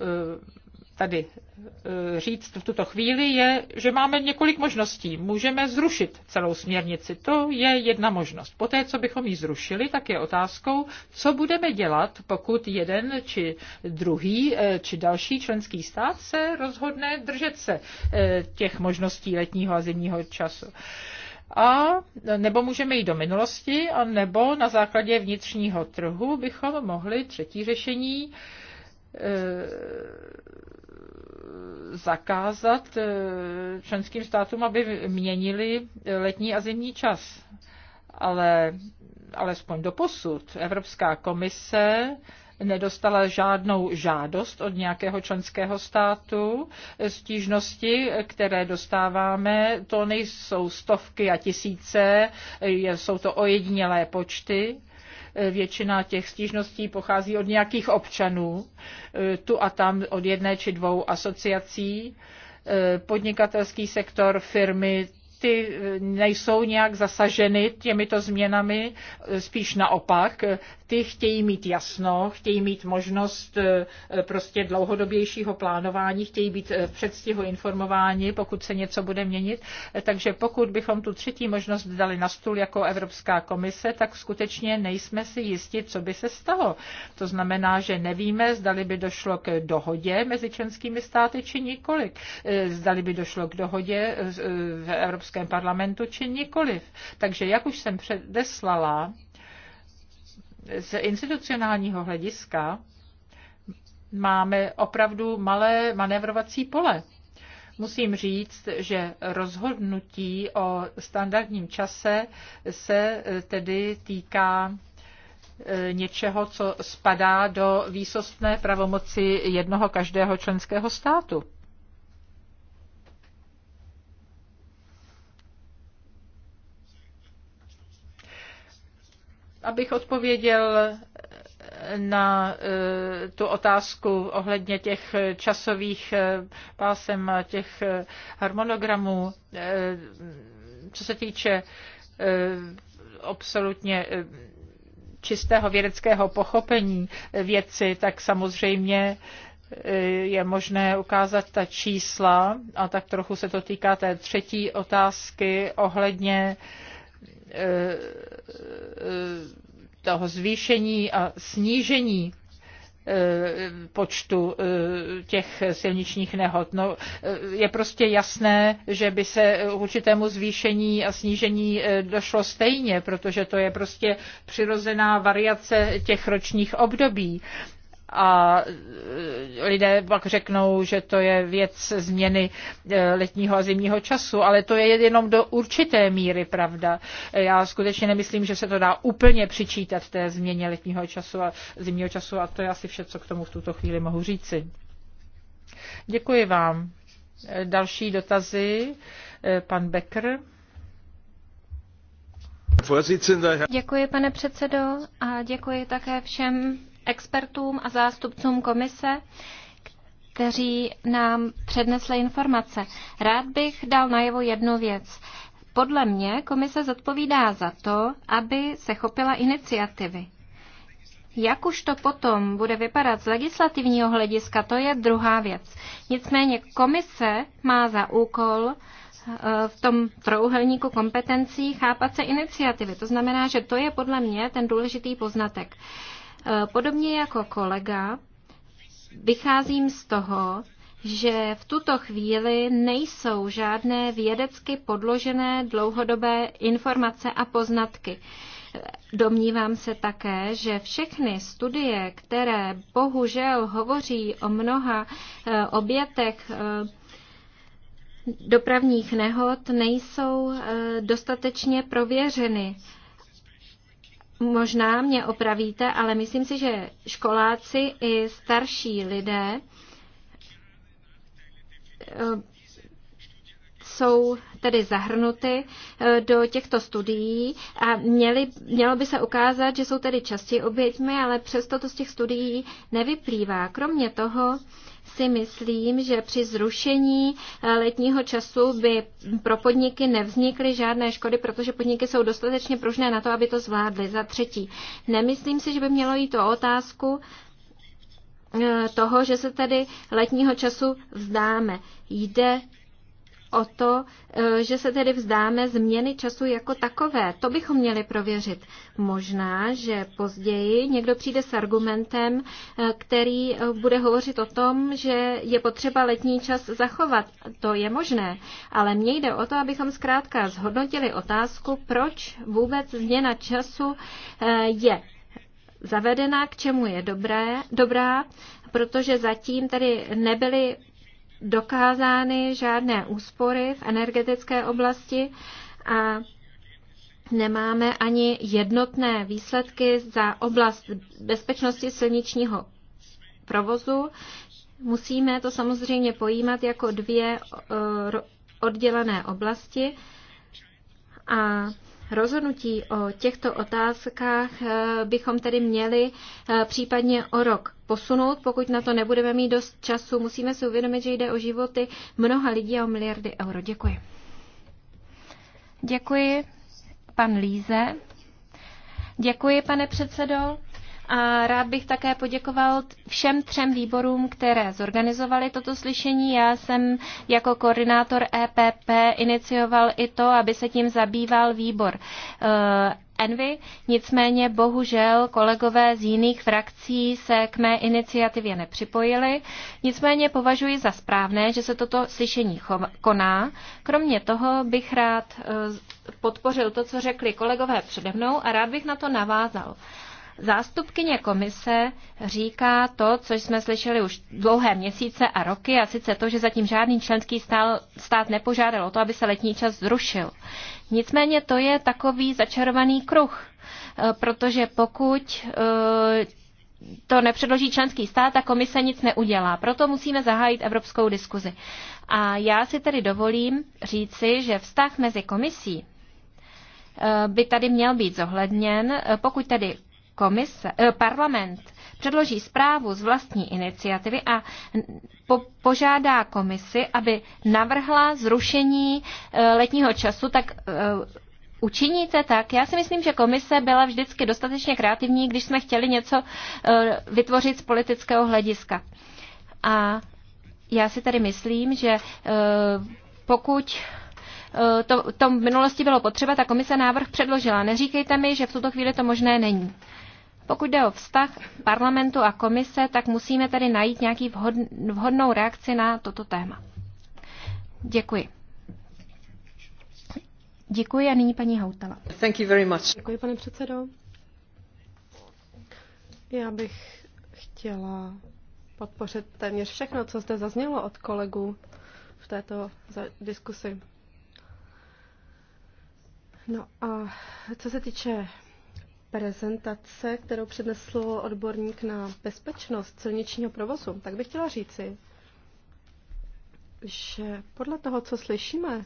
tady eh, říct v tuto chvíli, je, že máme několik možností. Můžeme zrušit celou směrnici. To je jedna možnost. Poté, co bychom ji zrušili, tak je otázkou, co budeme dělat, pokud jeden či druhý eh, či další členský stát se rozhodne držet se eh, těch možností letního a zimního času a nebo můžeme jít do minulosti, a nebo na základě vnitřního trhu bychom mohli třetí řešení zakázat eh, členským státům, aby měnili letní a zimní čas. Ale alespoň do posud Evropská komise nedostala žádnou žádost od nějakého členského státu. Stížnosti, které dostáváme, to nejsou stovky a tisíce, jsou to ojedinělé počty Většina těch stížností pochází od nějakých občanů, e, tu a tam od jedné či dvou asociací e, podnikatelský sektor, firmy, ty eh, nejsou nějak zasaženy těmito změnami, eh, spíš naopak. Ty chtějí mít jasno, chtějí mít možnost eh, prostě dlouhodobějšího plánování, chtějí být v předstihu informováni, pokud se něco bude měnit. Takže pokud bychom tu třetí možnost dali na stůl jako Evropská komise, tak skutečně nejsme si jisti, co by se stalo. To znamená, že nevíme, zdali by došlo k dohodě mezi členskými státy či nikolik. Zdali by došlo k dohodě v Evropské Evropském parlamentu, či nikoliv. Takže, jak už jsem předeslala, z institucionálního hlediska máme opravdu malé manévrovací pole. Musím říct, že rozhodnutí o standardním čase se eh, tedy týká eh, něčeho, co spadá do výsostné pravomoci jednoho každého členského státu. abych odpověděl na eh, tu otázku ohledně těch časových eh, pásem a těch eh, harmonogramů, co se týče absolutně čistého vědeckého pochopení věci, tak samozřejmě je možné ukázat ta čísla a tak trochu se to týká té třetí otázky ohledně uh, Eh, eh, toho zvýšení a snížení eh, počtu těch silničních nehod. No, je prostě jasné, že by se k určitému zvýšení a snížení došlo stejně, protože to je prostě přirozená variace těch ročních období a e, lidé pak řeknou, že to je věc změny e, letního a zimního času, ale to je jenom do určité míry pravda. Já skutečně nemyslím, že se to dá úplně přičítat té změně letního času a zimního času a to je asi vše, co k tomu v tuto chvíli mohu říci. Děkuji vám. Další dotazy. E, pan Becker. Děkuji, pane předsedo, a děkuji také všem expertům a zástupcům komise, kteří nám přednesli informace. Rád bych dal najevo jednu věc. Podle mě komise zodpovídá za to, aby se chopila iniciativy. Jak už to potom bude vypadat z legislativního hlediska, to je druhá věc. Nicméně komise má za úkol eh, v tom trouhelníku kompetencí chápat se iniciativy. To znamená, že to je podle mě ten důležitý poznatek. Podobně jako kolega, vycházím z toho, že v tuto chvíli nejsou žádné vědecky podložené dlouhodobé informace a poznatky. Domnívám se také, že všechny studie, které bohužel hovoří o mnoha eh, obětech eh, dopravních nehod, nejsou eh, dostatečně prověřeny. Možná mě opravíte, ale myslím si, že školáci i starší lidé jsou tedy zahrnuty eh, do těchto studií a měli, mělo by se ukázat, že jsou tedy častěji oběťmi, ale přesto to z těch studií nevyplývá. Kromě toho si myslím, že při zrušení eh, letního času by pro podniky nevznikly žádné škody, protože podniky jsou dostatečně pružné na to, aby to zvládly. Za třetí, nemyslím si, že by mělo jít o otázku, eh, toho, že se tedy letního času vzdáme. Jde o to, e, že se tedy vzdáme změny času jako takové. To bychom měli prověřit. Možná, že později někdo přijde s argumentem, e, který e, bude hovořit o tom, že je potřeba letní čas zachovat. To je možné, ale mně jde o to, abychom zkrátka zhodnotili otázku, proč vůbec změna času je zavedena, k čemu je dobré, dobrá, protože zatím tady nebyly dokázány žádné úspory v energetické oblasti a nemáme ani jednotné výsledky za oblast bezpečnosti silničního provozu. Musíme to samozřejmě pojímat jako dvě eh, oddělené oblasti a Rozhodnutí o těchto otázkách eh, bychom tedy měli eh, případně o rok posunout, pokud na to nebudeme mít dost času. Musíme si uvědomit, že jde o životy mnoha lidí a o miliardy euro. Děkuji. Děkuji, pan Líze. Děkuji, pane předsedo. A rád bych také poděkoval všem třem výborům, které zorganizovali toto slyšení. Já jsem jako koordinátor EPP inicioval i to, aby se tím zabýval výbor eh, Envy, nicméně bohužel kolegové z jiných frakcí se k mé iniciativě nepřipojili. Nicméně považuji za správné, že se toto slyšení koná. Kromě toho bych rád eh, podpořil to, co řekli kolegové přede mnou a rád bych na to navázal. Zástupkyně komise říká to, co jsme slyšeli už dlouhé měsíce a roky, a sice to, že zatím žádný členský stát nepožádal o to, aby se letní čas zrušil. Nicméně to je takový začarovaný kruh, e, protože pokud e, to nepředloží členský stát a komise nic neudělá. Proto musíme zahájit evropskou diskuzi. A já si tedy dovolím říci, že vztah mezi komisí e, by tady měl být zohledněn, pokud tedy komise, eh, parlament předloží zprávu z vlastní iniciativy a po, požádá komisi, aby navrhla zrušení eh, letního času, tak eh, učiníte tak? Já si myslím, že komise byla vždycky dostatečně kreativní, když jsme chtěli něco eh, vytvořit z politického hlediska. A já si tady myslím, že eh, pokud eh, to, to v minulosti bylo potřeba, ta komise návrh předložila. Neříkejte mi, že v tuto chvíli to možné není. Pokud jde o vztah parlamentu a komise, tak musíme tady najít nějaký vhodnou reakci na toto téma. Děkuji. Děkuji a nyní paní Hautala. Thank you very much. Děkuji, pane předsedo. Já bych chtěla podpořit téměř všechno, co zde zaznělo od kolegů v této diskusi. No a co se týče prezentace, kterou přednesl odborník na bezpečnost silničního provozu, tak bych chtěla říci, že podle toho, co slyšíme,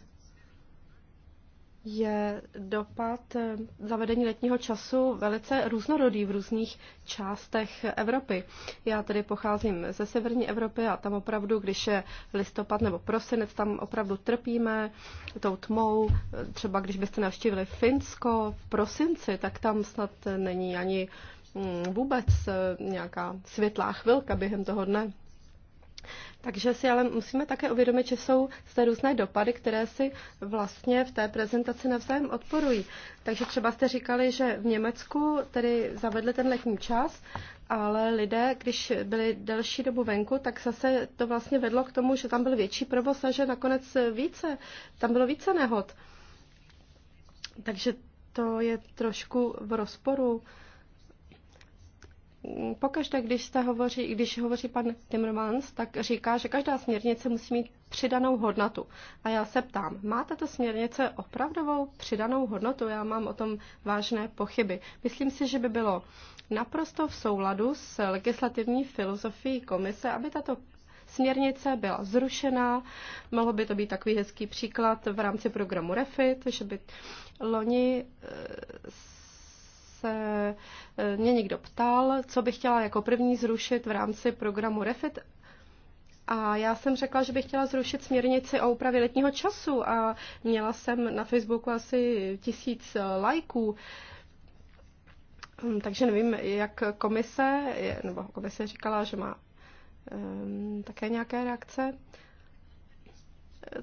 je dopad eh, zavedení letního času velice různorodý v různých částech Evropy. Já tedy pocházím ze severní Evropy a tam opravdu, když je listopad nebo prosinec, tam opravdu trpíme tou tmou. Třeba když byste navštívili Finsko v prosinci, tak tam snad není ani mm, vůbec eh, nějaká světlá chvilka během toho dne. Takže si ale musíme také uvědomit, že jsou zde různé dopady, které si vlastně v té prezentaci navzájem odporují. Takže třeba jste říkali, že v Německu tedy zavedli ten letní čas, ale lidé, když byli delší dobu venku, tak zase to vlastně vedlo k tomu, že tam byl větší provoz a že nakonec více, tam bylo více nehod. Takže to je trošku v rozporu pokaždé, když, jste hovoří, když hovoří pan Timmermans, tak říká, že každá směrnice musí mít přidanou hodnotu. A já se ptám, má tato směrnice opravdovou přidanou hodnotu? Já mám o tom vážné pochyby. Myslím si, že by bylo naprosto v souladu s legislativní filozofií komise, aby tato směrnice byla zrušena. Mohlo by to být takový hezký příklad v rámci programu REFIT, že by loni eh, se eh, mě někdo ptal, co bych chtěla jako první zrušit v rámci programu REFIT. A já jsem řekla, že bych chtěla zrušit směrnici o úpravě letního času a měla jsem na Facebooku asi tisíc eh, lajků. Hm, takže nevím, jak komise, nebo komise říkala, že má um, také nějaké reakce.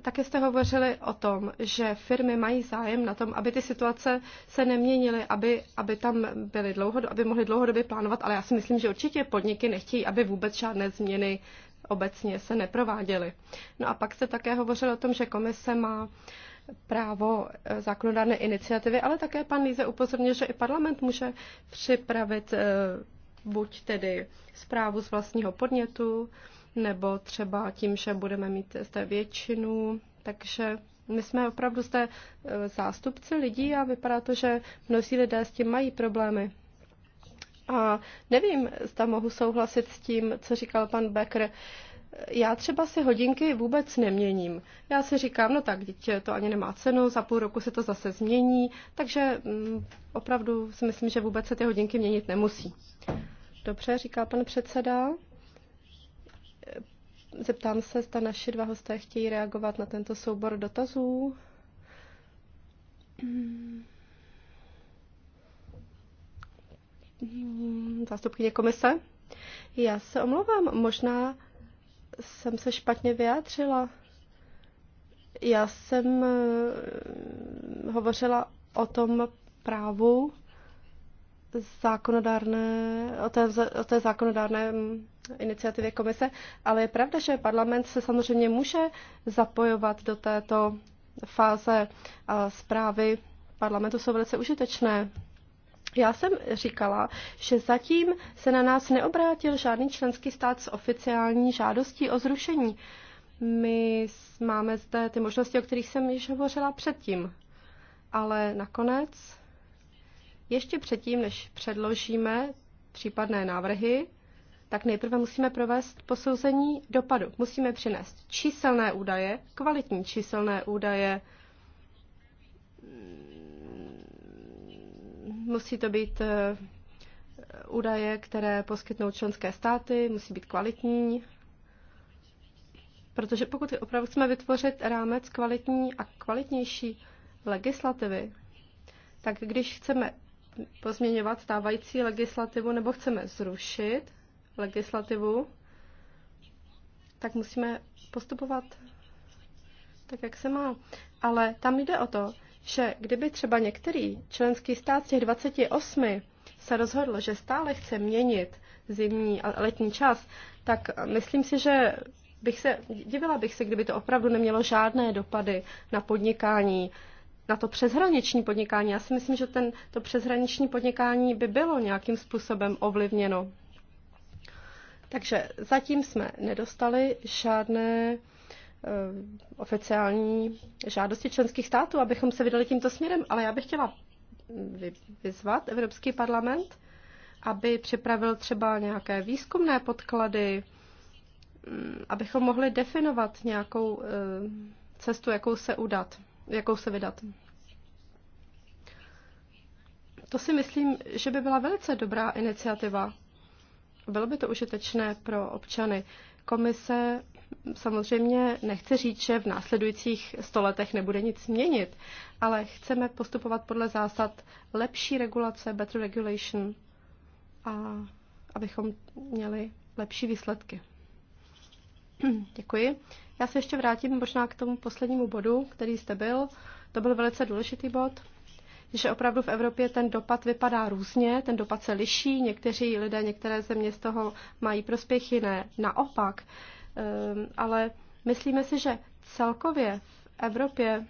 Také jste hovořili o tom, že firmy mají zájem na tom, aby ty situace se neměnily, aby, aby tam byly dlouhodobě, aby mohly dlouhodobě plánovat, ale já si myslím, že určitě podniky nechtějí, aby vůbec žádné změny obecně se neprováděly. No a pak jste také hovořil o tom, že komise má právo eh, zákonodárné iniciativy, ale také pan Líze upozornil, že i parlament může připravit eh, buď tedy zprávu z vlastního podnětu, nebo třeba tím, že budeme mít zde většinu. Takže my jsme opravdu zde e, zástupci lidí a vypadá to, že mnozí lidé s tím mají problémy. A nevím, zda mohu souhlasit s tím, co říkal pan Becker. Já třeba si hodinky vůbec neměním. Já si říkám, no tak, dítě to ani nemá cenu, za půl roku se to zase změní, takže mm, opravdu si myslím, že vůbec se ty hodinky měnit nemusí. Dobře, říká pan předseda. Zeptám se, zda naši dva hosté chtějí reagovat na tento soubor dotazů. Zástupkyně komise? Já se omlouvám, možná jsem se špatně vyjádřila. Já jsem eh, hovořila o tom právu zákonodárné, o té, o té zákonodárné iniciativě komise, ale je pravda, že parlament se samozřejmě může zapojovat do této fáze a zprávy parlamentu jsou velice užitečné. Já jsem říkala, že zatím se na nás neobrátil žádný členský stát s oficiální žádostí o zrušení. My máme zde ty možnosti, o kterých jsem již hovořila předtím. Ale nakonec, ještě předtím, než předložíme případné návrhy, tak nejprve musíme provést posouzení dopadu. Musíme přinést číselné údaje, kvalitní číselné údaje. Musí to být eh, údaje, které poskytnou členské státy, musí být kvalitní, protože pokud opravdu chceme vytvořit rámec kvalitní a kvalitnější legislativy, tak když chceme pozměňovat stávající legislativu nebo chceme zrušit, legislativu, tak musíme postupovat tak, jak se má. Ale tam jde o to, že kdyby třeba některý členský stát z těch 28 se rozhodl, že stále chce měnit zimní a letní čas, tak myslím si, že bych se, divila bych se, kdyby to opravdu nemělo žádné dopady na podnikání, na to přeshraniční podnikání. Já si myslím, že ten, to přeshraniční podnikání by bylo nějakým způsobem ovlivněno takže zatím jsme nedostali žádné eh, oficiální žádosti členských států, abychom se vydali tímto směrem, ale já bych chtěla mm, vyzvat Evropský parlament, aby připravil třeba nějaké výzkumné podklady, mm, abychom mohli definovat nějakou eh, cestu, jakou se udat, jakou se vydat. To si myslím, že by byla velice dobrá iniciativa, bylo by to užitečné pro občany. Komise samozřejmě nechce říct, že v následujících stoletech nebude nic měnit, ale chceme postupovat podle zásad lepší regulace, better regulation, a abychom měli lepší výsledky. Děkuji. Já se ještě vrátím možná k tomu poslednímu bodu, který jste byl. To byl velice důležitý bod že opravdu v Evropě ten dopad vypadá různě, ten dopad se liší, někteří lidé, některé země z toho mají prospěch, jiné naopak. Ehm, ale myslíme si, že celkově v Evropě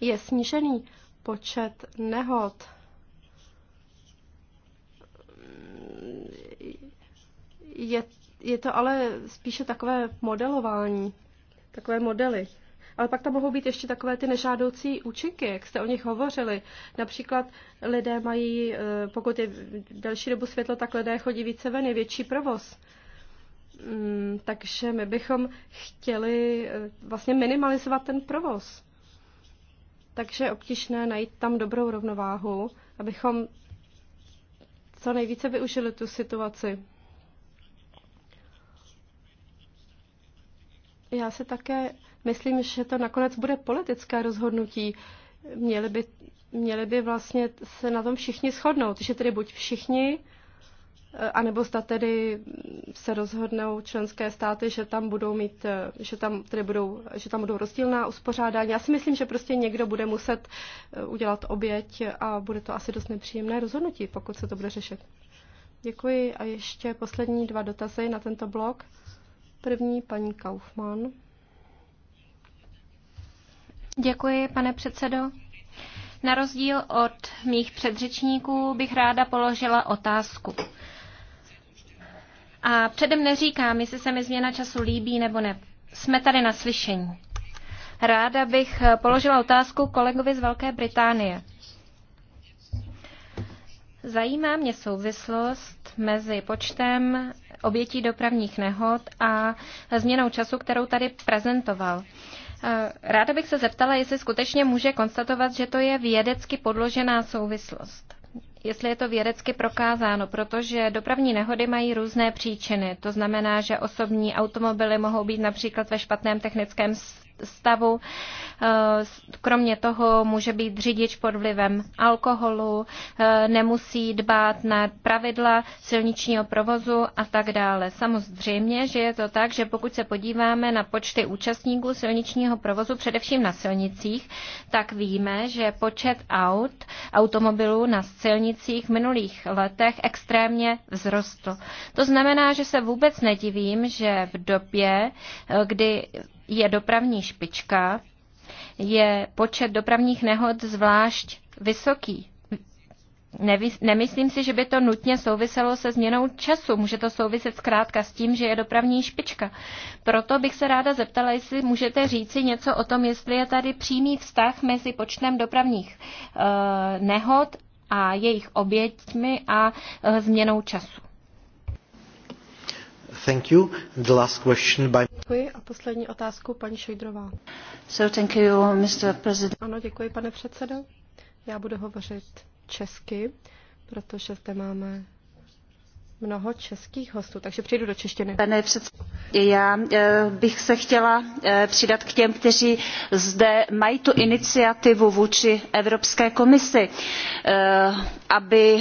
je snížený počet nehod. Je, je to ale spíše takové modelování, takové modely ale pak tam mohou být ještě takové ty nežádoucí účinky, jak jste o nich hovořili. Například lidé mají, eh, pokud je delší dobu světlo, tak lidé chodí více ven, je větší provoz. Mm, takže my bychom chtěli eh, vlastně minimalizovat ten provoz. Takže je obtížné najít tam dobrou rovnováhu, abychom co nejvíce využili tu situaci. Já se také myslím, že to nakonec bude politické rozhodnutí. Měli by, měli by vlastně se na tom všichni shodnout, že tedy buď všichni, eh, anebo zda tedy se rozhodnou členské státy, že tam budou mít, eh, že tam tedy budou, že tam budou rozdílná uspořádání. Já si myslím, že prostě někdo bude muset eh, udělat oběť a bude to asi dost nepříjemné rozhodnutí, pokud se to bude řešit. Děkuji a ještě poslední dva dotazy na tento blok. První paní Kaufmann. Děkuji, pane předsedo. Na rozdíl od mých předřečníků bych ráda položila otázku. A předem neříkám, jestli se mi změna času líbí nebo ne. Jsme tady na slyšení. Ráda bych položila otázku kolegovi z Velké Británie. Zajímá mě souvislost mezi počtem obětí dopravních nehod a změnou času, kterou tady prezentoval. Eh, ráda bych se zeptala, jestli skutečně může konstatovat, že to je vědecky podložená souvislost jestli je to vědecky prokázáno, protože dopravní nehody mají různé příčiny. To znamená, že osobní automobily mohou být například ve špatném technickém stavu. Eh, kromě toho může být řidič pod vlivem alkoholu, eh, nemusí dbát na pravidla silničního provozu a tak dále. Samozřejmě, že je to tak, že pokud se podíváme na počty účastníků silničního provozu, především na silnicích, tak víme, že počet aut, automobilů na silnicích v minulých letech extrémně vzrostl. To znamená, že se vůbec nedivím, že v době, eh, kdy je dopravní špička, je počet dopravních nehod zvlášť vysoký. nemyslím si, že by to nutně souviselo se změnou času. Může to souviset zkrátka s tím, že je dopravní špička. Proto bych se ráda zeptala, jestli můžete říci něco o tom, jestli je tady přímý vztah mezi počtem dopravních uh, nehod a jejich oběťmi a uh, změnou času. Thank you. The last question by... Děkuji a poslední otázku paní Šojdrová. So thank you, Mr. President. Ano, děkuji, pane předsedo. Já budu hovořit česky, protože zde máme mnoho českých hostů, takže přijdu do češtiny. Pane předsedo, já eh, bych se chtěla eh, přidat k těm, kteří zde mají tu iniciativu vůči Evropské komisi, eh, aby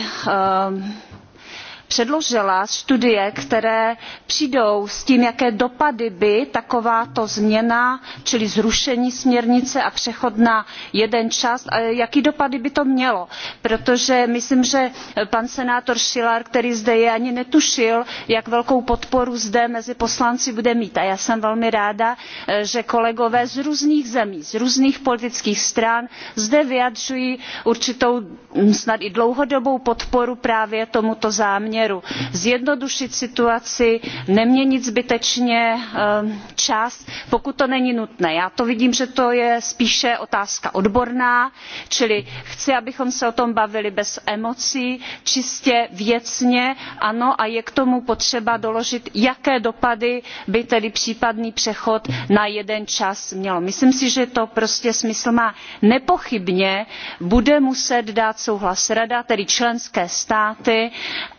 předložila studie které přijdou s tím jaké dopady by takováto změna čili zrušení směrnice a přechod na jeden čas jaké dopady by to mělo protože myslím že pan senátor schiller který zde je ani netušil jak velkou podporu zde mezi poslanci bude mít a já jsem velmi ráda že kolegové z různých zemí z různých politických stran zde vyjadřují určitou snad i dlouhodobou podporu právě tomuto záměru směru zjednodušit situaci neměnit zbytečně ehm, čas pokud to není nutné. já to vidím že to je spíše otázka odborná čili chci abychom se o tom bavili bez emocí čistě věcně ano a je k tomu potřeba doložit jaké dopady by tedy případný přechod na jeden čas měl. myslím si že to prostě smysl má. nepochybně bude muset dát souhlas rada tedy členské státy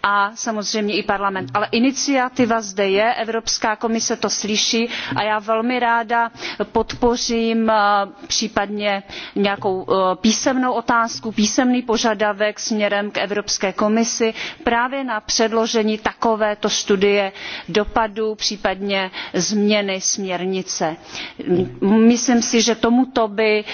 a samozřejmě i parlament ale iniciativa zde je evropská komise to slyší a já velmi ráda podpořím eh, případně nějakou eh, písemnou otázku písemný požadavek směrem k evropské komisi právě na předložení takovéto studie dopadu případně změny směrnice. myslím si že eh,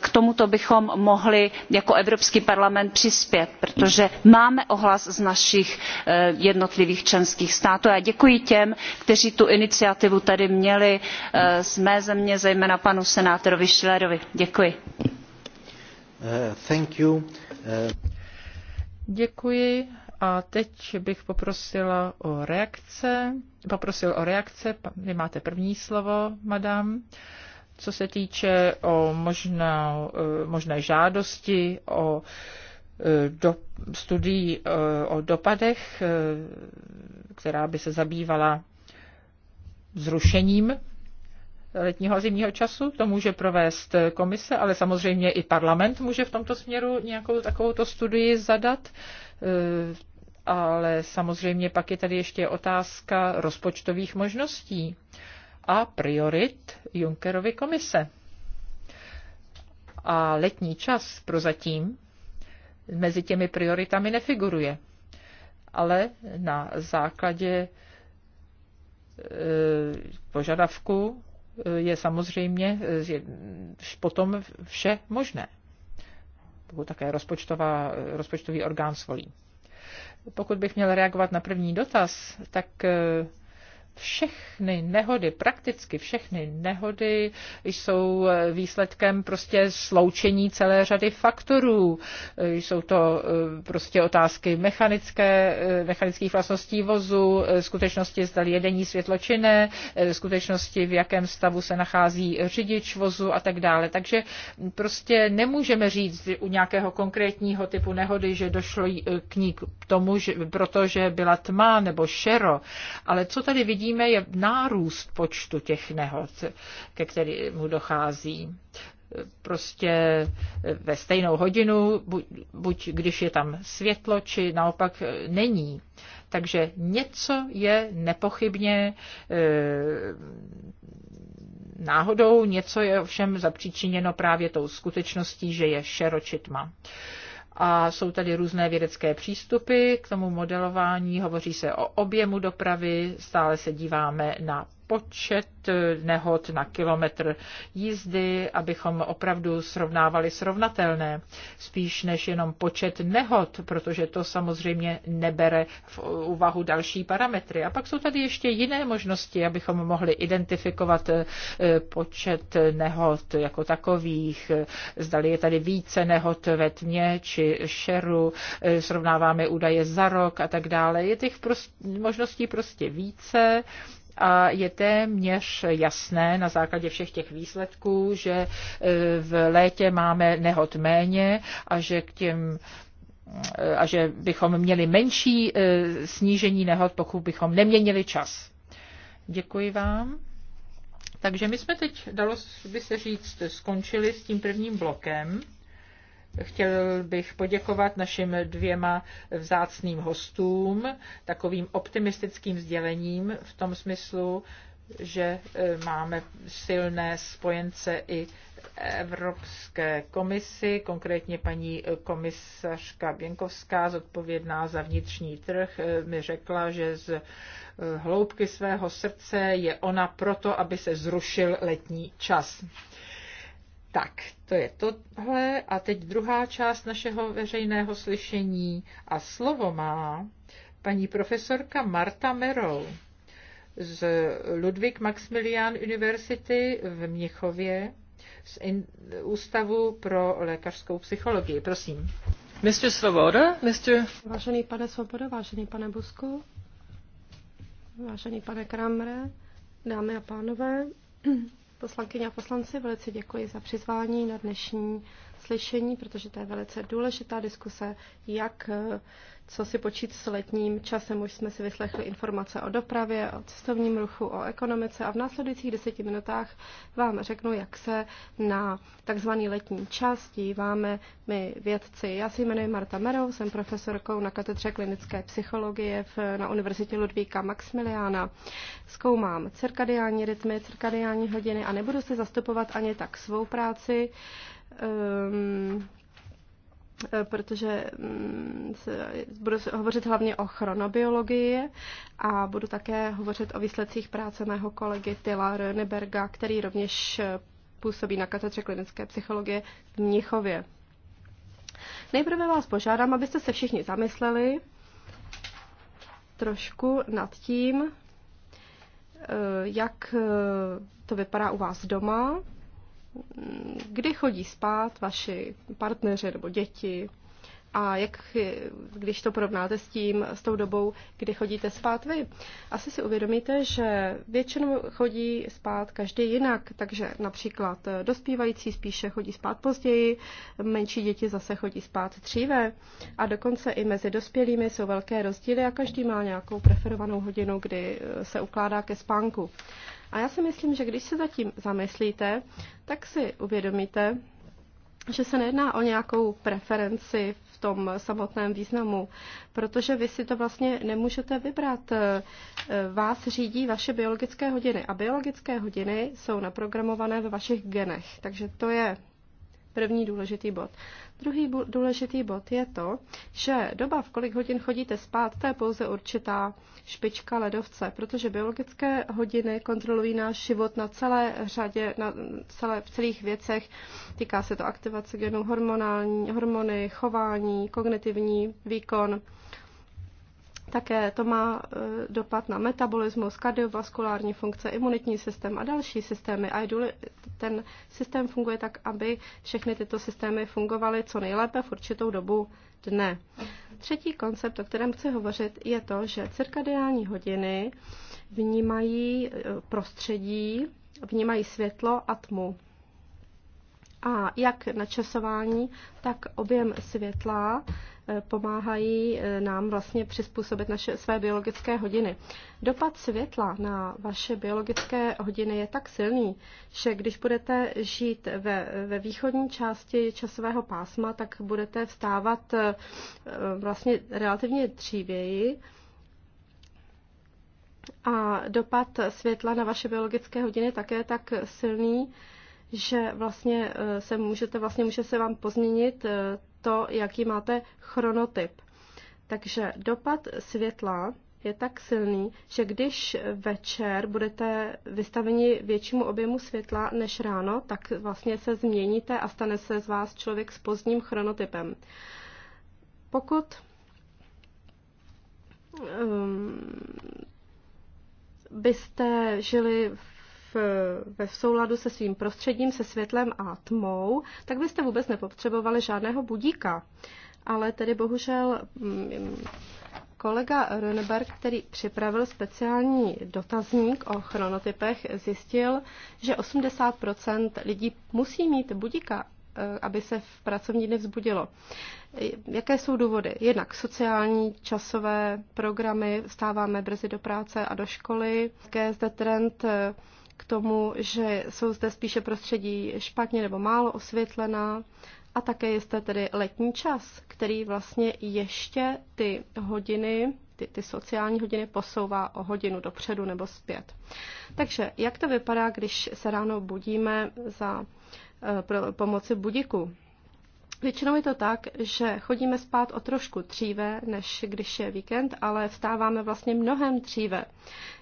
k tomuto bychom mohli jako evropský parlament přispět protože máme ohlas z našich Eh, jednotlivých členských států. já děkuji těm kteří tu iniciativu tady měli eh, z mé země zejména panu senátorovi schillerovi. děkuji. Eh, děkuji a teď bych poprosila o reakce. Poprosil o reakce, vy máte první slovo, madam co se týče o možná, možné žádosti o do, studií e, o dopadech, e, která by se zabývala zrušením letního a zimního času. To může provést komise, ale samozřejmě i parlament může v tomto směru nějakou takovouto studii zadat. E, ale samozřejmě pak je tady ještě otázka rozpočtových možností a priorit Junckerovy komise. A letní čas prozatím mezi těmi prioritami nefiguruje. Ale na základě e, požadavku e, je samozřejmě e, potom vše možné, pokud také rozpočtová, rozpočtový orgán svolí. Pokud bych měl reagovat na první dotaz, tak všechny nehody, prakticky všechny nehody jsou eh, výsledkem prostě sloučení celé řady faktorů. Eh, jsou to eh, prostě otázky mechanické, mechanických vlastností vozu, skutečnosti zda jedení světlo či ne, skutečnosti v jakém stavu se nachází řidič vozu a tak dále. Takže prostě nemůžeme říct u nějakého konkrétního typu nehody, že došlo k ní k tomu, že, protože byla tma nebo šero. Ale co tady vidíme, vidíme, je nárůst počtu těch nehod, ke kterému dochází prostě ve stejnou hodinu, buď, buď když je tam světlo, či naopak není. Takže něco je nepochybně e, náhodou, něco je ovšem zapříčiněno právě tou skutečností, že je šeročitma. E, a jsou tady různé vědecké přístupy k tomu modelování, hovoří se o objemu dopravy, stále se díváme na počet nehod na kilometr jízdy, abychom opravdu srovnávali srovnatelné, spíš než jenom počet nehod, protože to samozřejmě nebere v úvahu další parametry. A pak jsou tady ještě jiné možnosti, abychom mohli identifikovat eh, počet nehod jako takových, zdali je tady více nehod ve tmě či šeru, eh, srovnáváme údaje za rok a tak dále. Je těch prost, možností prostě více a je téměř jasné na základě všech těch výsledků, že e, v létě máme nehod méně a že k těm e, a že bychom měli menší e, snížení nehod, pokud bychom neměnili čas. Děkuji vám. Takže my jsme teď, dalo by se říct, skončili s tím prvním blokem. Chtěl bych poděkovat našim dvěma vzácným hostům takovým optimistickým sdělením v tom smyslu, že e, máme silné spojence i Evropské komisi, konkrétně paní komisařka Běnkovská, zodpovědná za vnitřní trh, e, mi řekla, že z e, hloubky svého srdce je ona proto, aby se zrušil letní čas. Tak, to je tohle. A teď druhá část našeho veřejného slyšení. A slovo má paní profesorka Marta Merou z Ludwig Maximilian University v Měchově z Ústavu pro lékařskou psychologii. Prosím. Mr. Svoboda, Mr. Vážený pane Svoboda, vážený pane Busku, vážený pane Kramre, dámy a pánové, poslankyně a poslanci, velice děkuji za přizvání na dnešní slyšení, protože to je velice důležitá diskuse, jak eh, co si počít s letním časem. Už jsme si vyslechli informace o dopravě, o cestovním ruchu, o ekonomice a v následujících deseti minutách vám řeknu, jak se na takzvaný letní čas díváme my vědci. Já se jmenuji Marta Merou, jsem profesorkou na katedře klinické psychologie v, na Univerzitě Ludvíka Maximiliána. Zkoumám cirkadiální rytmy, cirkadiální hodiny a nebudu se zastupovat ani tak svou práci, um, protože mm, budu hovořit hlavně o chronobiologii a budu také hovořit o výsledcích práce mého kolegy Tila Röneberga, který rovněž působí na katedře klinické psychologie v Mnichově. Nejprve vás požádám, abyste se všichni zamysleli trošku nad tím, eh, jak eh, to vypadá u vás doma, kdy chodí spát vaši partneři nebo děti, a jak, když to porovnáte s tím, s tou dobou, kdy chodíte spát vy, asi si uvědomíte, že většinou chodí spát každý jinak, takže například eh, dospívající spíše chodí spát později, menší děti zase chodí spát dříve a dokonce i mezi dospělými jsou velké rozdíly a každý má nějakou preferovanou hodinu, kdy eh, se ukládá ke spánku. A já si myslím, že když se zatím zamyslíte, tak si uvědomíte, že se nejedná o nějakou preferenci tom samotném významu, protože vy si to vlastně nemůžete vybrat. Eh, eh, vás řídí vaše biologické hodiny a biologické hodiny jsou naprogramované ve vašich genech, takže to je první důležitý bod. Druhý důležitý bod je to, že doba, v kolik hodin chodíte spát, to je pouze určitá špička ledovce, protože biologické hodiny kontrolují náš život na celé řadě, na celé, v celých věcech. Týká se to aktivace genů, hormonální, hormony, chování, kognitivní výkon. Také to má eh, dopad na metabolismus, kardiovaskulární funkce, imunitní systém a další systémy. A ten systém funguje tak, aby všechny tyto systémy fungovaly co nejlépe v určitou dobu dne. Třetí koncept, o kterém chci hovořit, je to, že cirkadiální hodiny vnímají eh, prostředí, vnímají světlo a tmu a jak načasování, tak objem světla eh, pomáhají eh, nám vlastně přizpůsobit naše své biologické hodiny. Dopad světla na vaše biologické hodiny je tak silný, že když budete žít ve, ve východní části časového pásma, tak budete vstávat eh, vlastně relativně dřívěji, a dopad světla na vaše biologické hodiny také tak silný, že vlastně eh, se můžete, vlastně může se vám pozměnit eh, to, jaký máte chronotyp. Takže dopad světla je tak silný, že když večer budete vystaveni většímu objemu světla než ráno, tak vlastně se změníte a stane se z vás člověk s pozdním chronotypem. Pokud um, byste žili v, ve souladu se svým prostředím, se světlem a tmou, tak byste vůbec nepotřebovali žádného budíka. Ale tedy bohužel mm, kolega Runeberg, který připravil speciální dotazník o chronotypech, zjistil, že 80% lidí musí mít budíka, eh, aby se v pracovní dny vzbudilo. Jaké jsou důvody? Jednak sociální, časové programy, stáváme brzy do práce a do školy. Jaké je zde trend eh, k tomu, že jsou zde spíše prostředí špatně nebo málo osvětlená. A také je zde tedy letní čas, který vlastně ještě ty hodiny, ty, ty sociální hodiny posouvá o hodinu dopředu nebo zpět. Takže jak to vypadá, když se ráno budíme za eh, pro pomoci budíku? Většinou je to tak, že chodíme spát o trošku dříve, než když je víkend, ale vstáváme vlastně mnohem dříve.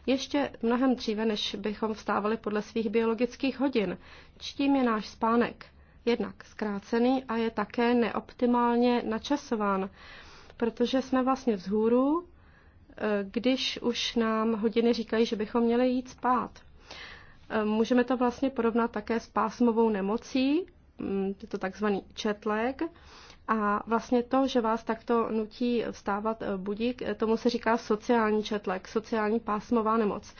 Ještě mnohem dříve, než bychom vstávali podle svých biologických hodin. Čtím je náš spánek jednak zkrácený a je také neoptimálně načasován, protože jsme vlastně vzhůru, eh, když už nám hodiny říkají, že bychom měli jít spát. Eh, můžeme to vlastně porovnat také s pásmovou nemocí, je mm, to takzvaný četlek. A vlastně to, že vás takto nutí vstávat eh, budík, eh, tomu se říká sociální četlek, sociální pásmová nemoc.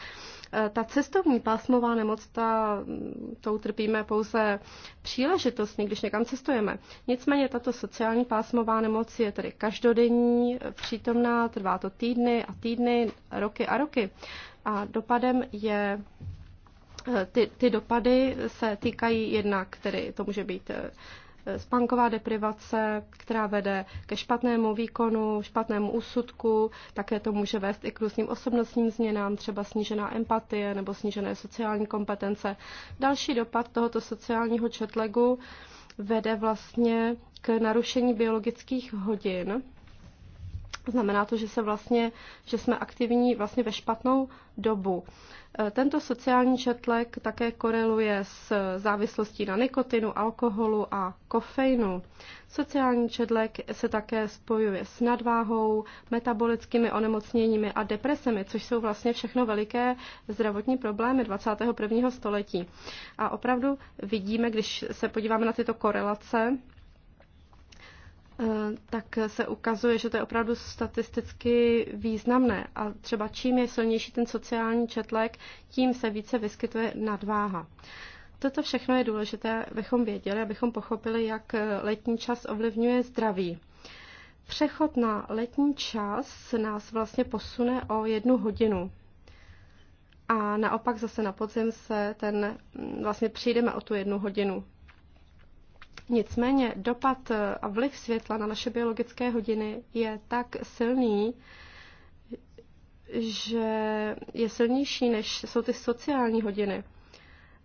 Eh, ta cestovní pásmová nemoc, ta, mm, to utrpíme pouze příležitostně, když někam cestujeme. Nicméně tato sociální pásmová nemoc je tedy každodenní, přítomná, trvá to týdny a týdny, roky a roky. A dopadem je Eh, ty, ty dopady se týkají jednak, tedy to může být eh, spánková deprivace, která vede ke špatnému výkonu, špatnému úsudku, také to může vést i k různým osobnostním změnám, třeba snížená empatie nebo snížené sociální kompetence. Další dopad tohoto sociálního četlegu vede vlastně k narušení biologických hodin, Znamená to, že, se vlastně, že jsme aktivní vlastně ve špatnou dobu. E, tento sociální četlek také koreluje s závislostí na nikotinu, alkoholu a kofeinu. Sociální četlek se také spojuje s nadváhou, metabolickými onemocněními a depresemi, což jsou vlastně všechno veliké zdravotní problémy 21. století. A opravdu vidíme, když se podíváme na tyto korelace, Eh, tak se ukazuje, že to je opravdu statisticky významné. A třeba čím je silnější ten sociální četlek, tím se více vyskytuje nadváha. Toto všechno je důležité, abychom věděli, abychom pochopili, jak eh, letní čas ovlivňuje zdraví. Přechod na letní čas nás vlastně posune o jednu hodinu. A naopak zase na podzim se ten, mm, vlastně přijdeme o tu jednu hodinu. Nicméně dopad eh, a vliv světla na naše biologické hodiny je tak silný, že je silnější, než jsou ty sociální hodiny.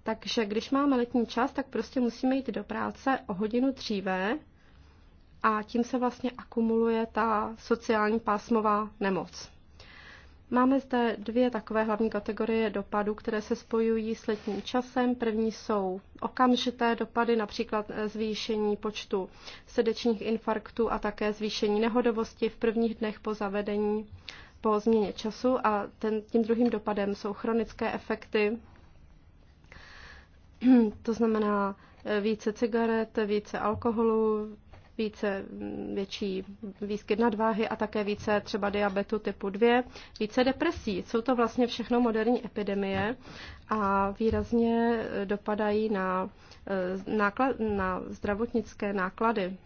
Takže když máme letní čas, tak prostě musíme jít do práce o hodinu dříve a tím se vlastně akumuluje ta sociální pásmová nemoc. Máme zde dvě takové hlavní kategorie dopadů, které se spojují s letním časem. První jsou okamžité dopady, například eh, zvýšení počtu srdečních infarktů a také zvýšení nehodovosti v prvních dnech po zavedení po změně času a ten, tím druhým dopadem jsou chronické efekty, to znamená eh, více cigaret, více alkoholu, více větší výskyt nadváhy a také více třeba diabetu typu 2, více depresí. Jsou to vlastně všechno moderní epidemie a výrazně eh, dopadají na, eh, náklad, na zdravotnické náklady.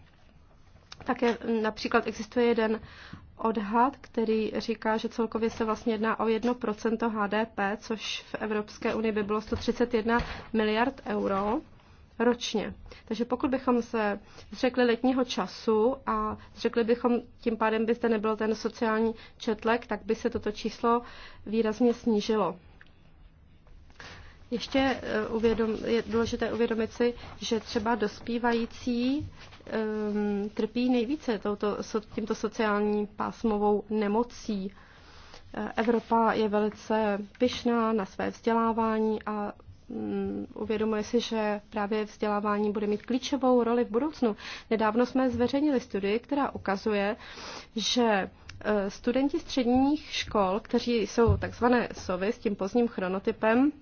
Také hm, například existuje jeden odhad, který říká, že celkově se vlastně jedná o 1% HDP, což v Evropské unii by bylo 131 miliard euro ročně. Takže pokud bychom se zřekli letního času a zřekli bychom, tím pádem by zde nebyl ten sociální četlek, tak by se toto číslo výrazně snížilo. Ještě eh, uvědom, je důležité uvědomit si, že třeba dospívající um, trpí nejvíce touto, tímto sociální pásmovou nemocí. Eh, Evropa je velice pyšná na své vzdělávání a Mm, uvědomuje si, že právě vzdělávání bude mít klíčovou roli v budoucnu. Nedávno jsme zveřejnili studii, která ukazuje, že e, studenti středních škol, kteří jsou takzvané sovy s tím pozdním chronotypem,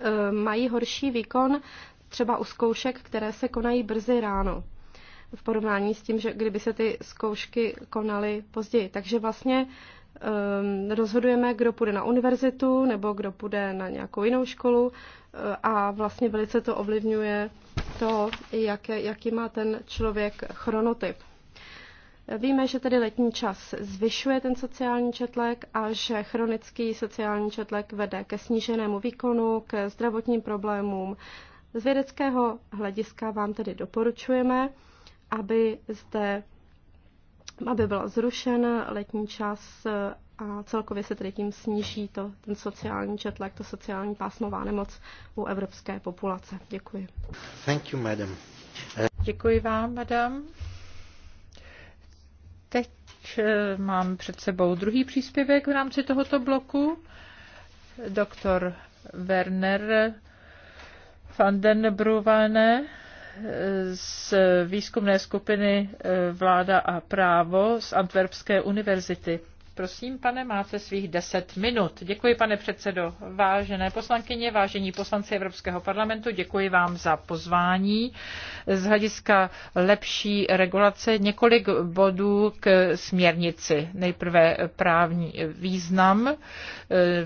e, mají horší výkon třeba u zkoušek, které se konají brzy ráno v porovnání s tím, že kdyby se ty zkoušky konaly později. Takže vlastně Ehm, rozhodujeme, kdo půjde na univerzitu nebo kdo půjde na nějakou jinou školu ehm, a vlastně velice to ovlivňuje to, jak, jaký má ten člověk chronotyp. Ehm, víme, že tedy letní čas zvyšuje ten sociální četlek a že chronický sociální četlek vede ke sníženému výkonu, k zdravotním problémům. Z vědeckého hlediska vám tedy doporučujeme, aby zde aby byl zrušen letní čas eh, a celkově se tedy tím sníží to, ten sociální četlak, to sociální pásmová nemoc u evropské populace. Děkuji. Thank you, madam. Eh, Děkuji vám, madam. Teď eh, mám před sebou druhý příspěvek v rámci tohoto bloku. Doktor Werner van den Bruvane z výzkumné skupiny e, Vláda a právo z Antwerpské univerzity. Prosím, pane, máte svých deset minut. Děkuji, pane předsedo. Vážené poslankyně, vážení poslanci Evropského parlamentu, děkuji vám za pozvání. Z hlediska lepší regulace několik bodů k směrnici. Nejprve právní význam, e,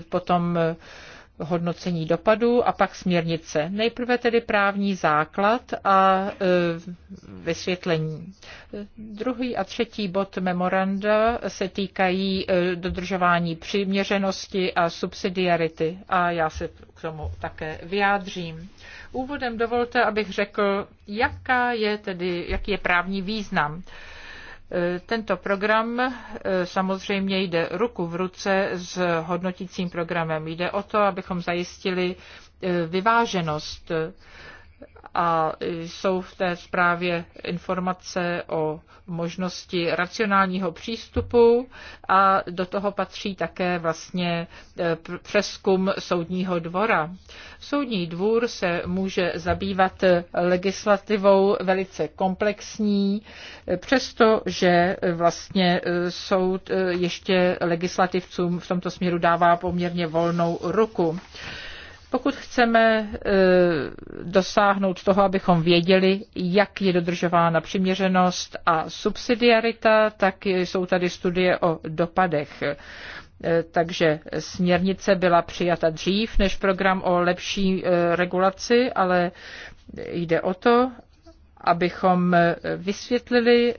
potom hodnocení dopadů a pak směrnice. Nejprve tedy právní základ a e, vysvětlení. Druhý a třetí bod memoranda se týkají e, dodržování přiměřenosti a subsidiarity a já se k tomu také vyjádřím. Úvodem dovolte, abych řekl, jaká je tedy, jaký je právní význam. E, tento program eh, samozřejmě jde ruku v ruce s hodnotícím programem. Jde o to, abychom zajistili eh, vyváženost a jsou v té zprávě informace o možnosti racionálního přístupu a do toho patří také vlastně e, přeskum soudního dvora. Soudní dvůr se může zabývat legislativou velice komplexní, e, přestože vlastně e, soud ještě legislativcům v tomto směru dává poměrně volnou ruku. Pokud chceme e, dosáhnout toho, abychom věděli, jak je dodržována přiměřenost a subsidiarita, tak jsou tady studie o dopadech e, takže směrnice byla přijata dřív než program o lepší e, regulaci, ale jde o to, abychom vysvětlili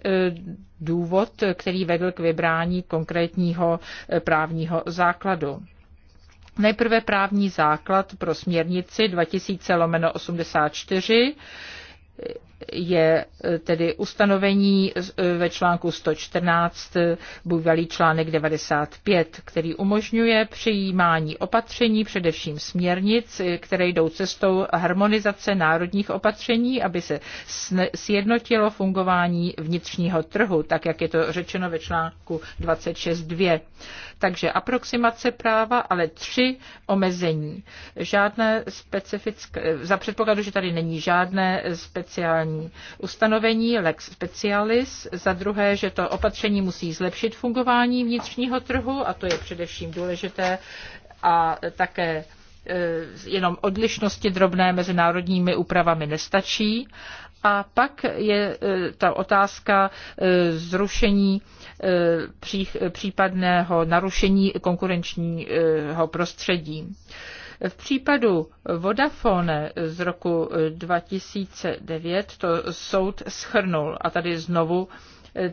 důvod, který vedl k vybrání konkrétního právního základu. Nejprve právní základ pro směrnici 2000 84 je eh, tedy ustanovení eh, ve článku 114, eh, bývalý článek 95, který umožňuje přijímání opatření, především směrnic, které jdou cestou harmonizace národních opatření, aby se sjednotilo fungování vnitřního trhu, tak jak je to řečeno ve článku 26.2. Takže aproximace práva, ale tři omezení. Žádné specifické, za předpokladu, že tady není žádné speciální opatření. ustanovení lex specialis, za druhé, že to opatření musí zlepšit fungování vnitřního trhu, a to je především důležité, a také e, jenom odlišnosti drobné mezinárodními úpravami nestačí. A pak je e, ta otázka e, zrušení případného narušení konkurenčního prostředí. V případu Vodafone z roku 2009 eh, to soud schrnul a tady znovu eh,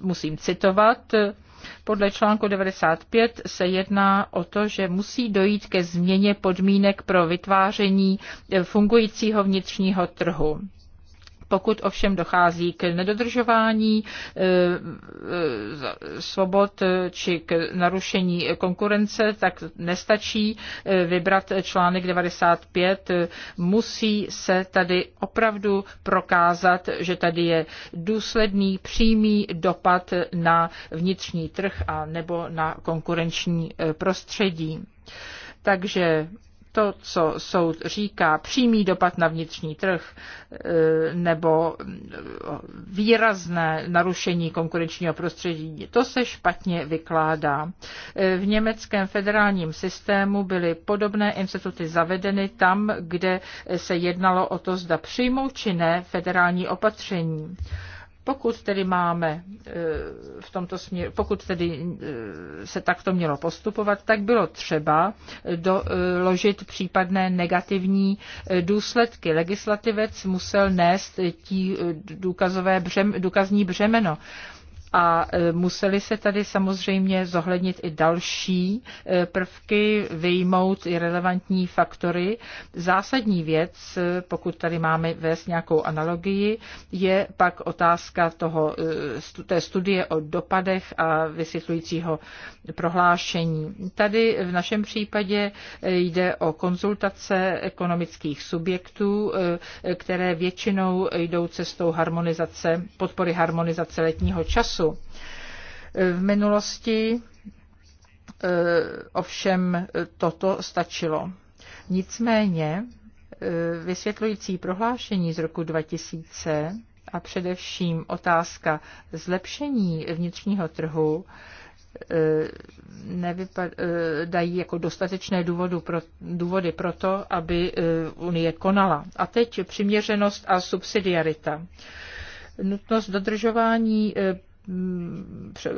musím citovat, eh, podle článku 95 se jedná o to, že musí dojít ke změně podmínek pro vytváření fungujícího vnitřního trhu. Pokud ovšem dochází k nedodržování e, e, svobod či k narušení konkurence, tak nestačí e, vybrat článek 95. Musí se tady opravdu prokázat, že tady je důsledný přímý dopad na vnitřní trh a nebo na konkurenční prostředí. Takže to, co soud říká, přímý dopad na vnitřní trh e, nebo e, výrazné narušení konkurenčního prostředí, to se špatně vykládá. E, v německém federálním systému byly podobné instituty zavedeny tam, kde se jednalo o to, zda přijmou či ne federální opatření. Pokud tedy máme e, v tomto směru, pokud tedy e, se takto mělo postupovat, tak bylo třeba doložit případné negativní e, důsledky. Legislativec musel nést tí důkazové břem, důkazní břemeno. A e, museli se tady samozřejmě zohlednit i další e, prvky, vyjmout i relevantní faktory. Zásadní věc, e, pokud tady máme vést nějakou analogii, je pak otázka toho, té studie o dopadech a vysvětlujícího prohlášení. Tady v našem případě jde o konzultace ekonomických subjektů, které většinou jdou cestou harmonizace, podpory harmonizace letního času času. V minulosti e, ovšem toto stačilo. Nicméně e, vysvětlující prohlášení z roku 2000 a především otázka zlepšení vnitřního trhu e, dají jako dostatečné důvody pro, důvody pro to, aby Unie konala. A teď přiměřenost a subsidiarita. Nutnost dodržování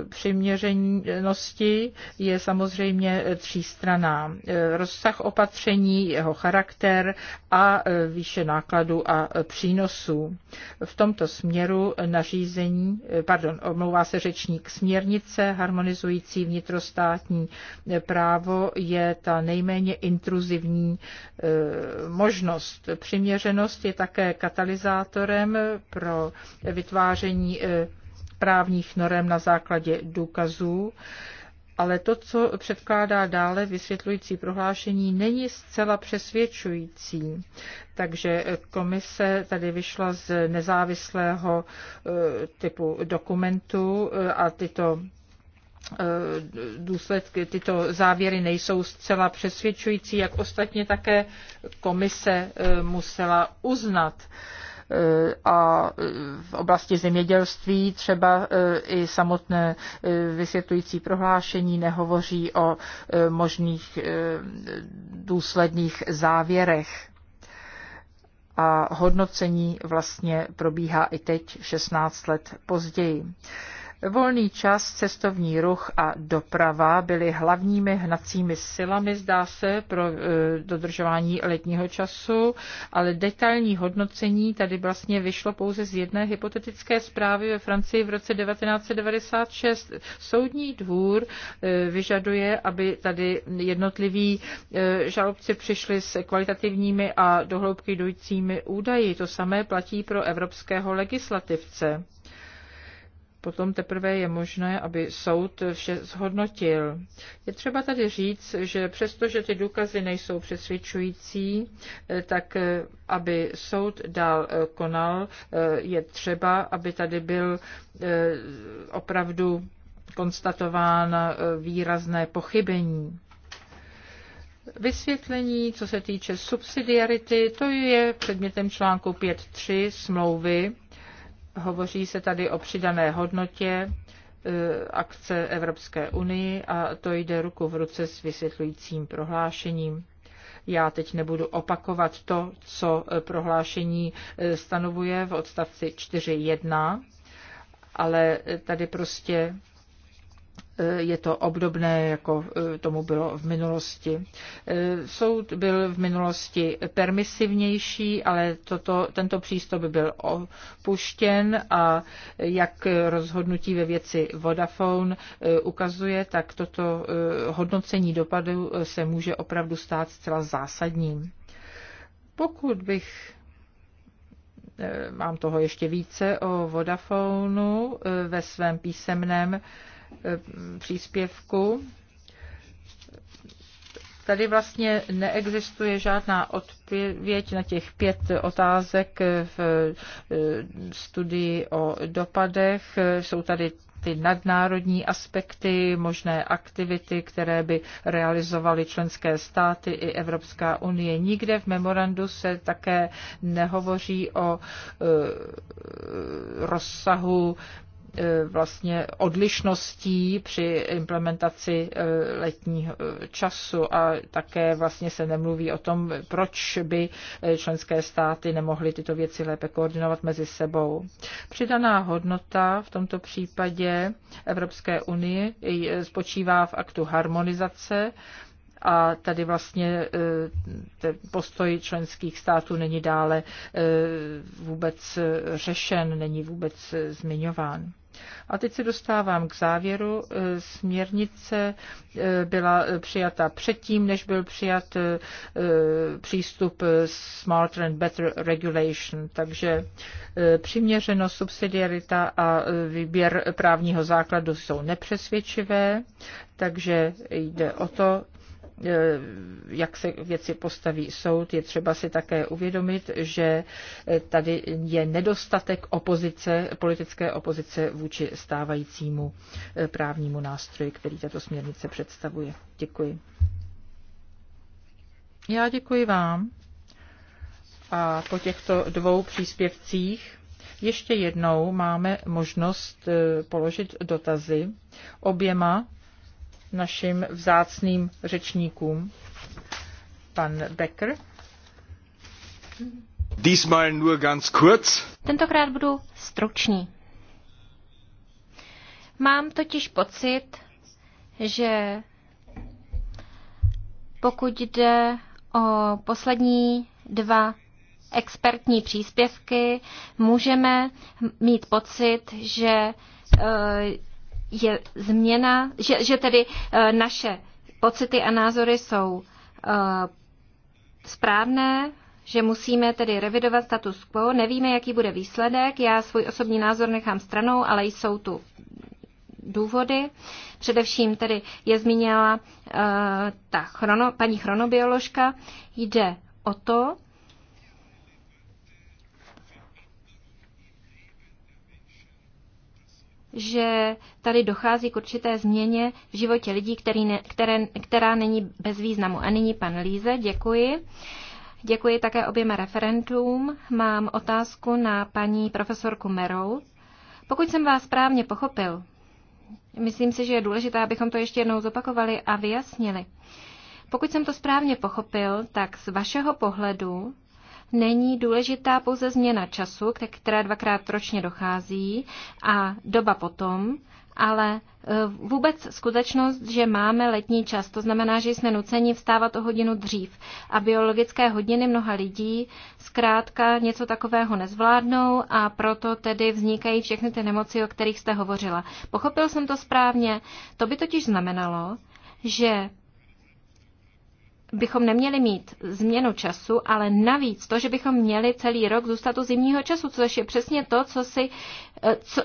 přiměřenosti je samozřejmě třístraná. E, rozsah opatření, jeho charakter a e, výše nákladu a e, přínosů. V tomto směru nařízení, pardon, omlouvá se řečník směrnice harmonizující vnitrostátní právo je ta nejméně intruzivní možnost. Přiměřenost je také katalyzátorem pro vytváření právních norem na základě důkazů, ale to, co předkládá dále vysvětlující prohlášení, není zcela přesvědčující. Takže komise tady vyšla z nezávislého eh, typu dokumentu eh, a tyto eh, důsledky, tyto závěry nejsou zcela přesvědčující, jak ostatně také komise musela uznat. Eh, a eh, v oblasti zemědělství třeba eh, i samotné vysvětlující prohlášení nehovoří o možných důsledných závěrech a hodnocení vlastně probíhá i teď, 16 let později. Volný čas, cestovní ruch a doprava byly hlavními hnacími silami, zdá se, pro e, dodržování letního času, ale detailní hodnocení tady vlastně vyšlo pouze z jedné hypotetické zprávy ve Francii v roce 1996. Soudní dvůr e, vyžaduje, aby tady jednotliví e, žalobci přišli s kvalitativními a dohloubky jdoucími údaji. To samé platí pro evropského legislativce potom teprve je možné, aby soud vše zhodnotil. Je třeba tady říct, že přestože ty důkazy nejsou přesvědčující, eh, tak eh, aby soud dál eh, konal, je třeba, aby tady byl opravdu konstatován výrazné pochybení. Vysvětlení, co se týče subsidiarity, to je předmětem článku 5.3 smlouvy Hovoří se tady o přidané hodnotě e, akce Evropské unii a to jde ruku v ruce s vysvětlujícím prohlášením. Já teď nebudu opakovat to, co e, prohlášení e, stanovuje v odstavci 4.1, ale tady prostě Eh, je to obdobné, jako eh, tomu bylo v minulosti. Eh, soud byl v minulosti permisivnější, ale toto, tento přístup byl opuštěn a jak rozhodnutí ve věci Vodafone ukazuje, tak toto hodnocení dopadu se může opravdu stát zcela zásadním. Pokud bych mám toho ještě více o Vodafonu ve svém písemném Eh, příspěvku. Tady vlastně neexistuje žádná odpověď na těch pět otázek v eh, studii o dopadech. Jsou tady ty nadnárodní aspekty, možné aktivity, které by realizovaly členské státy i Evropská unie. Nikde v memorandu se také nehovoří o e, rozsahu E, vlastně odlišností při implementaci e, letního e, času a také vlastně se nemluví o tom, proč by členské státy nemohly tyto věci lépe koordinovat mezi sebou. Přidaná hodnota v tomto případě Evropské unie spočívá v aktu harmonizace a tady vlastně ten postoj členských států není dále vůbec řešen, není vůbec zmiňován. A teď se dostávám k závěru. Eh, směrnice eh, byla přijata předtím, než byl přijat eh, přístup Smarter and Better Regulation. Takže přiměřenost, subsidiarita a výběr právního základu jsou nepřesvědčivé, takže jde o to, E, jak se věci postaví soud, je třeba si také uvědomit, že e, tady je nedostatek opozice, politické opozice vůči stávajícímu e, právnímu nástroji, který tato směrnice představuje. Děkuji. Já děkuji vám. A po těchto dvou příspěvcích ještě jednou máme možnost položit dotazy oběma našim vzácným řečníkům. Pan Becker. Diesmal nur ganz kurz. Tentokrát budu stručný. Mám totiž pocit, že pokud jde o poslední dva expertní příspěvky, můžeme mít pocit, že eh, je změna, že, že tedy eh, naše pocity a názory jsou eh, správné, že musíme tedy revidovat status quo. Nevíme, jaký bude výsledek. Já svůj osobní názor nechám stranou, ale jsou tu důvody. Především tedy je zmínila uh, ta chrono, paní chronobioložka. Jde o to, že tady dochází k určité změně v životě lidí, který ne, které, která není bez významu. A nyní pan Líze, děkuji. Děkuji také oběma referentům. Mám otázku na paní profesorku Merou. Pokud jsem vás správně pochopil, myslím si, že je důležité, abychom to ještě jednou zopakovali a vyjasnili. Pokud jsem to správně pochopil, tak z vašeho pohledu není důležitá pouze změna času, která dvakrát ročně dochází, a doba potom, ale e, vůbec skutečnost, že máme letní čas, to znamená, že jsme nuceni vstávat o hodinu dřív a biologické hodiny mnoha lidí zkrátka něco takového nezvládnou a proto tedy vznikají všechny ty nemoci, o kterých jste hovořila. Pochopil jsem to správně? To by totiž znamenalo, že bychom neměli mít změnu času, ale navíc to, že bychom měli celý rok zůstat u zimního času, což je přesně to, co si, eh, co,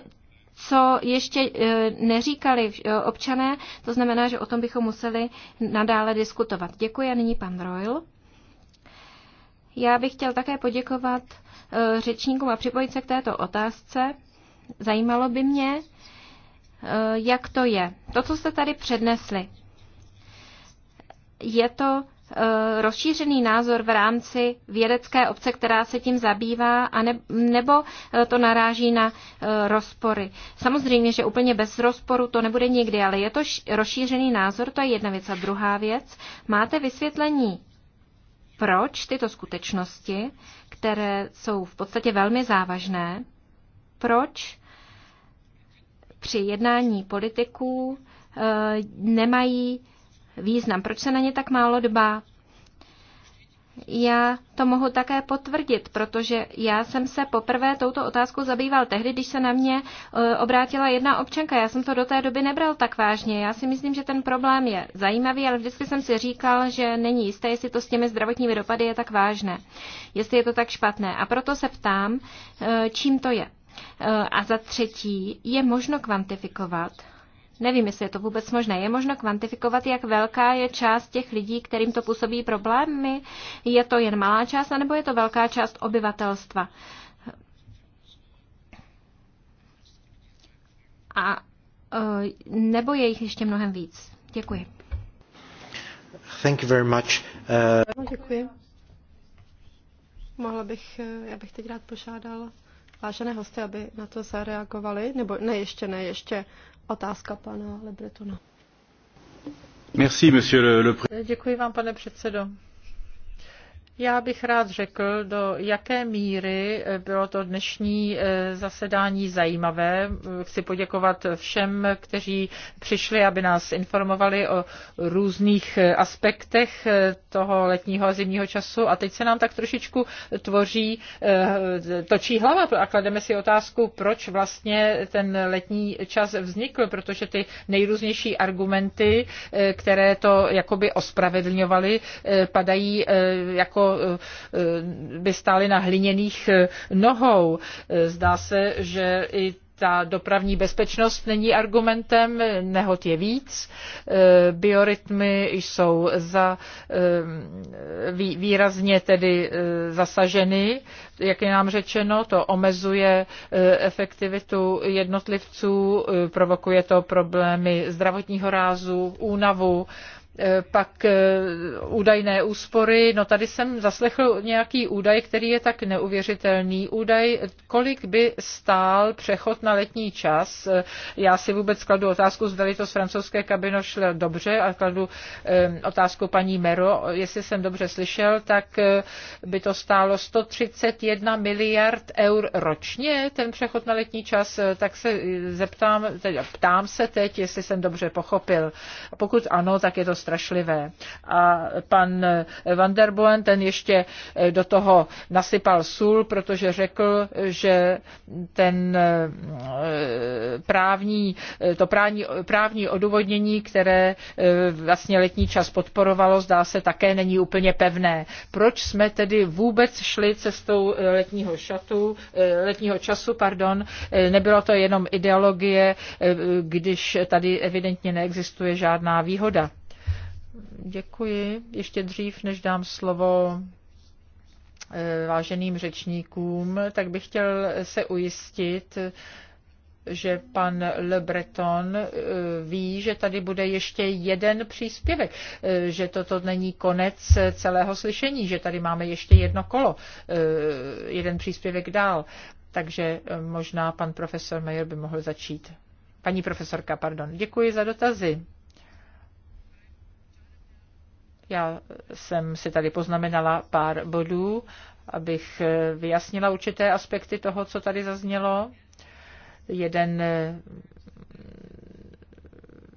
co ještě eh, neříkali eh, občané, to znamená, že o tom bychom museli nadále diskutovat. Děkuji a nyní pan Royl. Já bych chtěl také poděkovat řečníkům a připojit se k této otázce. Zajímalo by mě, jak to je. To, co jste tady přednesli, je to Eh, rozšířený názor v rámci vědecké obce, která se tím zabývá, a ne, nebo eh, to naráží na eh, rozpory. Samozřejmě, že úplně bez rozporu to nebude nikdy, ale je to rozšířený názor, to je jedna věc. A druhá věc, máte vysvětlení, proč tyto skutečnosti, které jsou v podstatě velmi závažné, proč při jednání politiků nemají význam. Proč se na ně tak málo dbá? Já to mohu také potvrdit, protože já jsem se poprvé touto otázkou zabýval tehdy, když se na mě e, obrátila jedna občanka. Já jsem to do té doby nebral tak vážně. Já si myslím, že ten problém je zajímavý, ale vždycky jsem si říkal, že není jisté, jestli to s těmi zdravotními dopady je tak vážné, jestli je to tak špatné. A proto se ptám, e, čím to je. E, a za třetí, je možno kvantifikovat Nevím, jestli je to vůbec možné. Je možno kvantifikovat, jak velká je část těch lidí, kterým to působí problémy? Je to jen malá část, anebo je to velká část obyvatelstva? A e, nebo je jich ještě mnohem víc? Děkuji. Thank you very much. Uh... Děkuji. Mohla bych, já bych teď rád požádal vážené hosty, aby na to zareagovali, nebo ne, ještě ne, ještě otázka pana Lebretona. Merci, monsieur le... Děkuji vám, pane předsedo. Já bych rád řekl, do jaké míry bylo to dnešní eh, zasedání zajímavé. Chci poděkovat všem, kteří přišli, aby nás informovali o různých eh, aspektech eh, toho letního a zimního času. A teď se nám tak trošičku tvoří, točí hlava a klademe si otázku, proč vlastně ten letní čas vznikl, protože ty nejrůznější argumenty, které to jakoby ospravedlňovaly, padají jako Eh, by stály na hliněných eh, nohou. Eh, zdá se, že i ta dopravní bezpečnost není argumentem, nehod je víc, biorytmy jsou za, výrazně tedy zasaženy, jak je nám řečeno, to omezuje efektivitu jednotlivců, provokuje to problémy zdravotního rázu, únavu, Eh, pak eh, údajné úspory. No tady jsem zaslechl nějaký údaj, který je tak neuvěřitelný. Údaj, kolik by stál přechod na letní čas. Eh, já si vůbec kladu otázku, zda to z francouzské kabino šlo dobře a kladu otázku paní Mero, jestli jsem dobře slyšel, tak by to stálo 131 miliard eur ročně, ten přechod na letní čas, tak se zeptám, ptám se teď, jestli jsem dobře pochopil. Pokud ano, tak je to strašlivé. A pan Van der Boen, ten ještě eh, do toho nasypal sůl, protože řekl, že ten eh, právní, eh, to právní, právní odůvodnění, které vlastně letní čas podporovalo, zdá se také není úplně pevné. Proč jsme tedy vůbec šli cestou letního, šatu, letního času? Pardon, nebylo to jenom ideologie, když tady evidentně neexistuje žádná výhoda. Děkuji. Ještě dřív, než dám slovo eh, váženým řečníkům, tak bych chtěl se ujistit, že pan Le Breton eh, ví, že tady bude ještě jeden příspěvek, eh, že toto není konec celého slyšení, že tady máme ještě jedno kolo, jeden příspěvek dál. Takže možná pan profesor Mayer by mohl začít. Paní profesorka, pardon. Děkuji za dotazy. Já jsem si tady poznamenala pár bodů, abych vyjasnila určité aspekty toho, co tady zaznělo. Jeden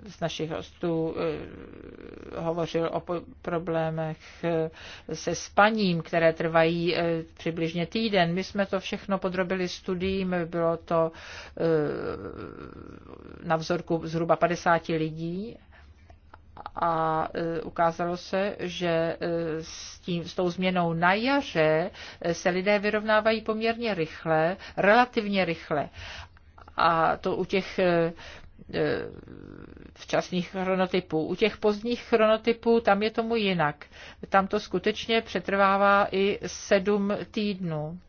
z našich hostů eh, hovořil o problémech eh, se spaním, které trvají eh, přibližně týden. My jsme to všechno podrobili studiím, bylo to na vzorku zhruba 50 lidí a e, ukázalo se, že e, s, tím, s tou změnou na jaře e, se lidé vyrovnávají poměrně rychle, relativně rychle. A to u těch včasných chronotypů. U těch pozdních chronotypů tam je tomu jinak. Tam to skutečně přetrvává i sedm týdnů.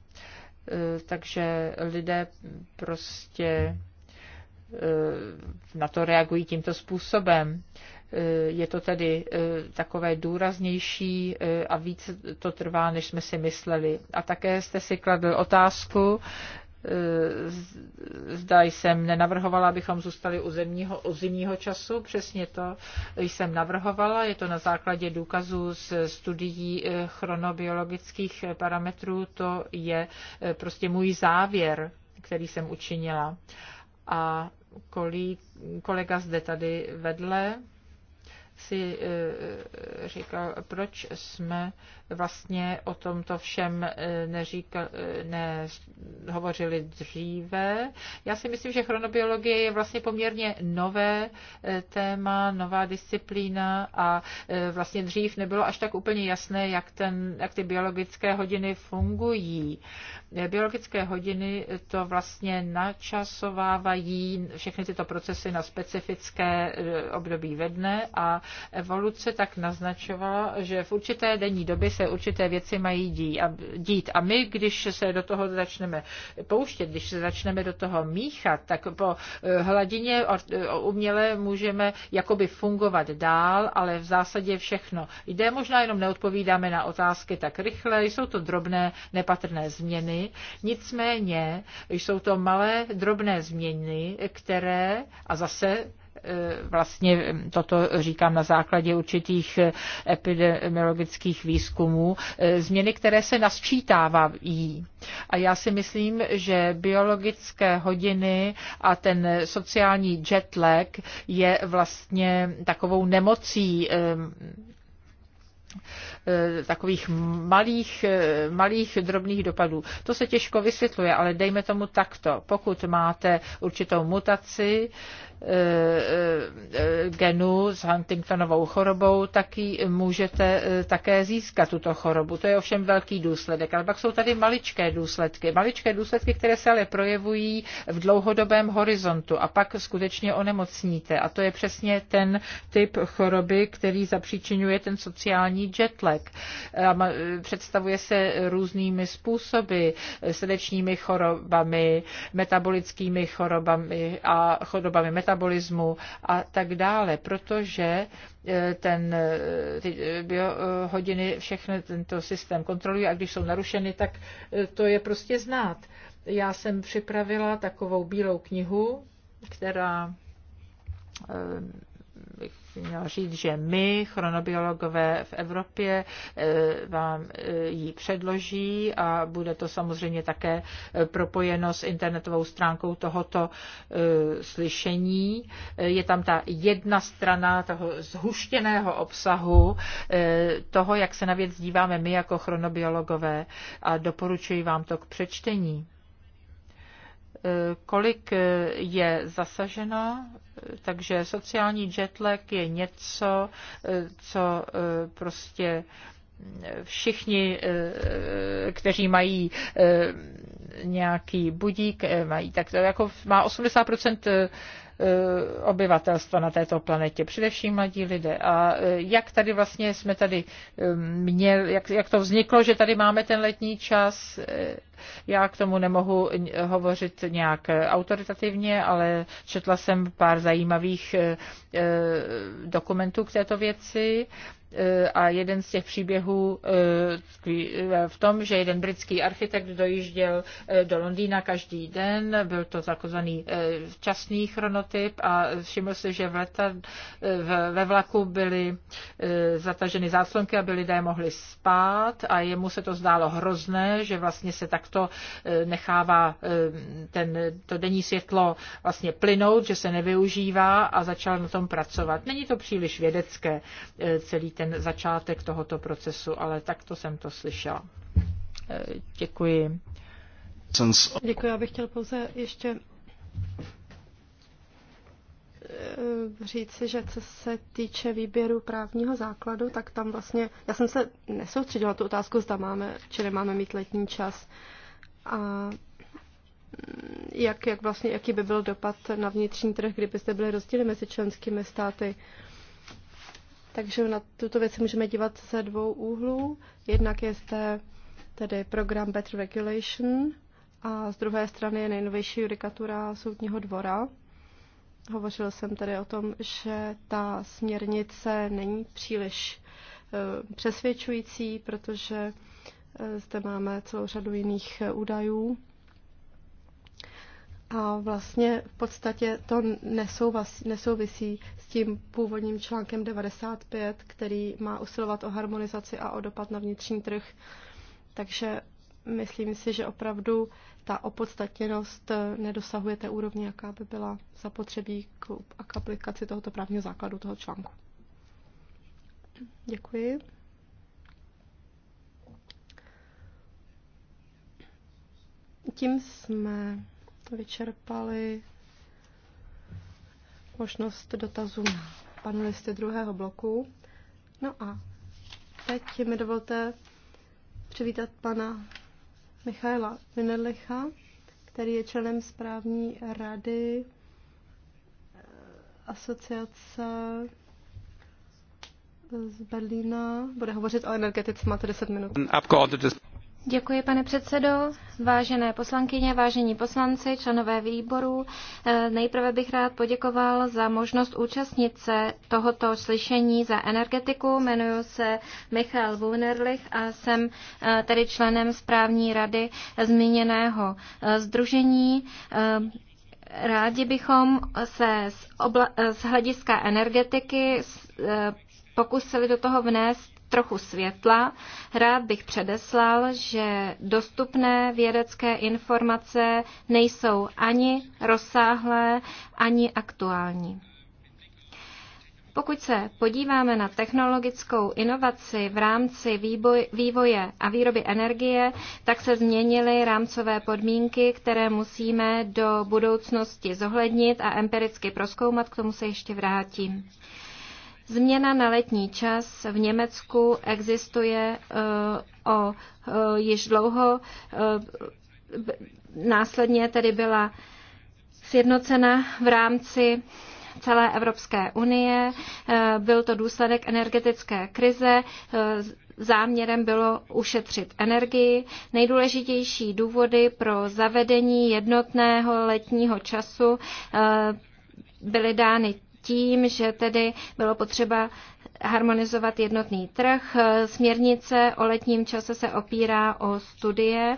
Takže lidé prostě na to reagují tímto způsobem. Eh, je to tedy eh, takové důraznější eh, a víc to trvá, než jsme si mysleli. A také jste si kladl otázku, zda jsem nenavrhovala, abychom zůstali u, zemního, u zimního času. Přesně to jsem navrhovala. Je to na základě důkazů z studií chronobiologických parametrů. To je prostě můj závěr, který jsem učinila. A kolí, kolega zde tady vedle si eh, eh, říkal, proč jsme vlastně o tomto všem eh, neříkal, eh, nehovořili dříve. Já si myslím, že chronobiologie je vlastně poměrně nové eh, téma, nová disciplína a vlastně dřív nebylo až tak úplně jasné, jak, ten, jak ty biologické hodiny fungují. Biologické hodiny to vlastně načasovávají všechny tyto procesy na specifické období ve dne a evoluce tak naznačovala, že v určité denní době se se určité věci mají dít a, dít. a my, když se do toho začneme pouštět, když se začneme do toho míchat, tak po eh, hladině eh, uměle můžeme jakoby fungovat dál, ale v zásadě všechno jde. Možná jenom neodpovídáme na otázky tak rychle, jsou to drobné, nepatrné změny, nicméně jsou to malé, drobné změny, které, a zase Eh, vlastně toto říkám na základě určitých eh, epidemiologických výzkumů, eh, změny, které se nasčítávají. A já si myslím, že biologické hodiny a ten sociální jet lag je vlastně takovou nemocí takových malých, malých drobných dopadů. To se těžko vysvětluje, ale dejme tomu takto. Pokud máte určitou mutaci, Eh, eh, genu s Huntingtonovou chorobou, tak ji můžete eh, také získat, tuto chorobu. To je ovšem velký důsledek. Ale pak jsou tady maličké důsledky. Maličké důsledky, které se ale projevují v dlouhodobém horizontu a pak skutečně onemocníte. A to je přesně ten typ choroby, který zapříčinuje ten sociální jetlag. Představuje se různými způsoby, srdečními chorobami, metabolickými chorobami a chorobami metabolickými metabolismu a tak dále, protože eh, ten, eh, ty hodiny všechny tento systém kontrolují a když jsou narušeny, tak eh, to je prostě znát. Já jsem připravila takovou bílou knihu, která měla říct, že my, chronobiologové v Evropě, eh, vám eh, ji předloží a bude to samozřejmě také eh, propojeno s internetovou stránkou tohoto slyšení. Je tam ta jedna strana toho zhuštěného obsahu, toho, jak se na věc díváme my jako chronobiologové a doporučuji vám to k přečtení kolik je zasaženo, takže sociální jetlag je něco, co eh, prostě eh, všichni, eh, kteří mají nějaký budík, mají tak jako má 80 Eh, obyvatelstva na této planetě, především mladí lidé. A eh, jak tady vlastně jsme tady eh, měli, jak, jak to vzniklo, že tady máme ten letní čas, já k tomu nemohu hovořit nějak autoritativně, ale četla jsem pár zajímavých dokumentů k této věci Eh, a jeden z těch příběhů eh, eh, v tom, že jeden britský architekt dojížděl do Londýna každý den, byl to takzvaný včasný chronotyp a všiml si, že v leta, ve vlaku byly zataženy záslonky, aby lidé mohli spát a jemu se to zdálo hrozné, že vlastně se takto nechává ten, to denní světlo vlastně plynout, že se nevyužívá a začal na tom pracovat. Není to příliš vědecké celý ten ten začátek tohoto procesu, ale takto jsem to slyšela. E, děkuji. Děkuji, já bych chtěl pouze ještě e, říci, že co se týče výběru právního základu, tak tam vlastně, já jsem se nesoustředila tu otázku, zda máme, či nemáme mít letní čas. A jak, jak vlastně, jaký by byl dopad na vnitřní trh, kdybyste byli rozdíly mezi členskými státy. Uh, takže na tuto věc můžeme dívat ze dvou úhlů. Jednak je zde tedy program Better Regulation a z druhé strany je nejnovější judikatura soudního dvora. Hovořil jsem tady o tom, že ta směrnice není příliš eh, přesvědčující, protože eh, zde máme celou řadu jiných eh, údajů. A vlastně v podstatě to nesouvisí tím původním článkem 95, který má usilovat o harmonizaci a o dopad na vnitřní trh. Takže myslím si, že opravdu ta opodstatněnost eh, nedosahuje té úrovně, jaká by byla zapotřebí k, k aplikaci tohoto právního základu toho článku. Děkuji. Tím jsme vyčerpali možnost dotazů na panelisty druhého bloku. No a teď mi dovolte přivítat pana Michaela Vinerlicha, který je členem správní rady eh, asociace z Berlína. Bude hovořit o energetice, máte 10 minut. Děkuji, pane předsedo. Vážené poslankyně, vážení poslanci, členové výboru, eh, nejprve bych rád poděkoval za možnost účastnit se tohoto slyšení za energetiku. Jmenuji se Michal Wunerlich a jsem eh, tedy členem správní rady zmíněného združení. Eh, rádi bychom se z, obla- z hlediska energetiky pokusili do toho vnést trochu světla. Rád bych předeslal, že dostupné vědecké informace nejsou ani rozsáhlé, ani aktuální. Pokud se podíváme na technologickou inovaci v rámci výboj, vývoje a výroby energie, tak se změnily rámcové podmínky, které musíme do budoucnosti zohlednit a empiricky proskoumat, k tomu se ještě vrátím. Změna na letní čas v Německu existuje uh, o, uh, již dlouho. Uh, následně tedy byla sjednocena v rámci celé Evropské unie. Byl to důsledek energetické krize. Záměrem bylo ušetřit energii. Nejdůležitější důvody pro zavedení jednotného letního času byly dány tím, že tedy bylo potřeba harmonizovat jednotný trh. Směrnice o letním čase se opírá o studie,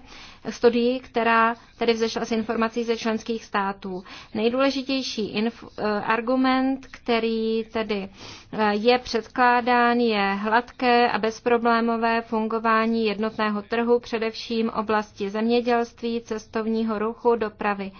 studii, která tedy vzešla z informací ze členských států. Nejdůležitější inf- argument, který tedy eh, je předkládán, je hladké a bezproblémové fungování jednotného trhu, především oblasti zemědělství, cestovního ruchu, dopravy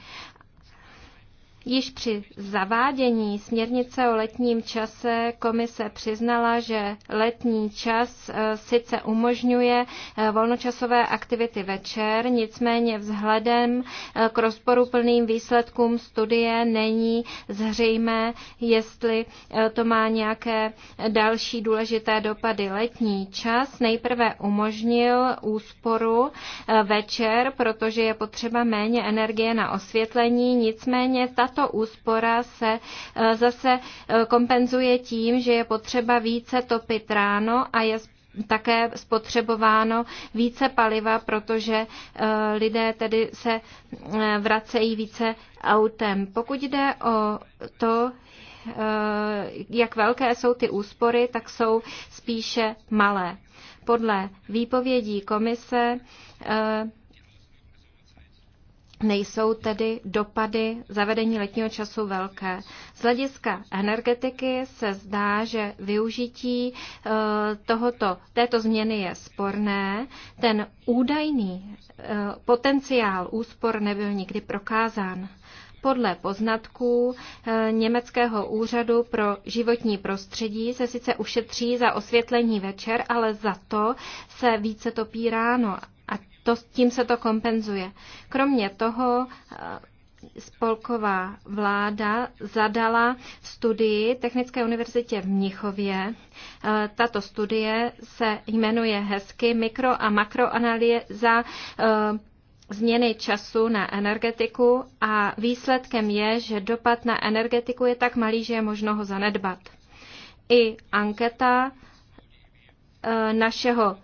Již při zavádění směrnice o letním čase komise přiznala, že letní čas e, sice umožňuje e, volnočasové aktivity večer, nicméně vzhledem e, k rozporuplným výsledkům studie není zřejmé, jestli to má nějaké další důležité dopady. Letní čas nejprve umožnil úsporu večer, protože je potřeba méně energie na osvětlení, nicméně tato tato úspora se eh, zase eh, kompenzuje tím, že je potřeba více topit ráno a je také spotřebováno více paliva, protože eh, lidé tedy se vracejí více autem. Pokud jde o to, jak velké jsou ty úspory, tak jsou spíše malé. Podle výpovědí komise nejsou tedy dopady zavedení letního času velké. Z hlediska energetiky se zdá, že využití eh, tohoto, této změny je sporné. Ten údajný eh, potenciál úspor nebyl nikdy prokázán. Podle poznatků eh, Německého úřadu pro životní prostředí se sice ušetří za osvětlení večer, ale za to se více topí ráno to, tím se to kompenzuje. Kromě toho eh, spolková vláda zadala studii Technické univerzitě v Mnichově. Eh, tato studie se jmenuje hezky Mikro- a makroanalýza eh, změny času na energetiku a výsledkem je, že dopad na energetiku je tak malý, že je možno ho zanedbat. I anketa našeho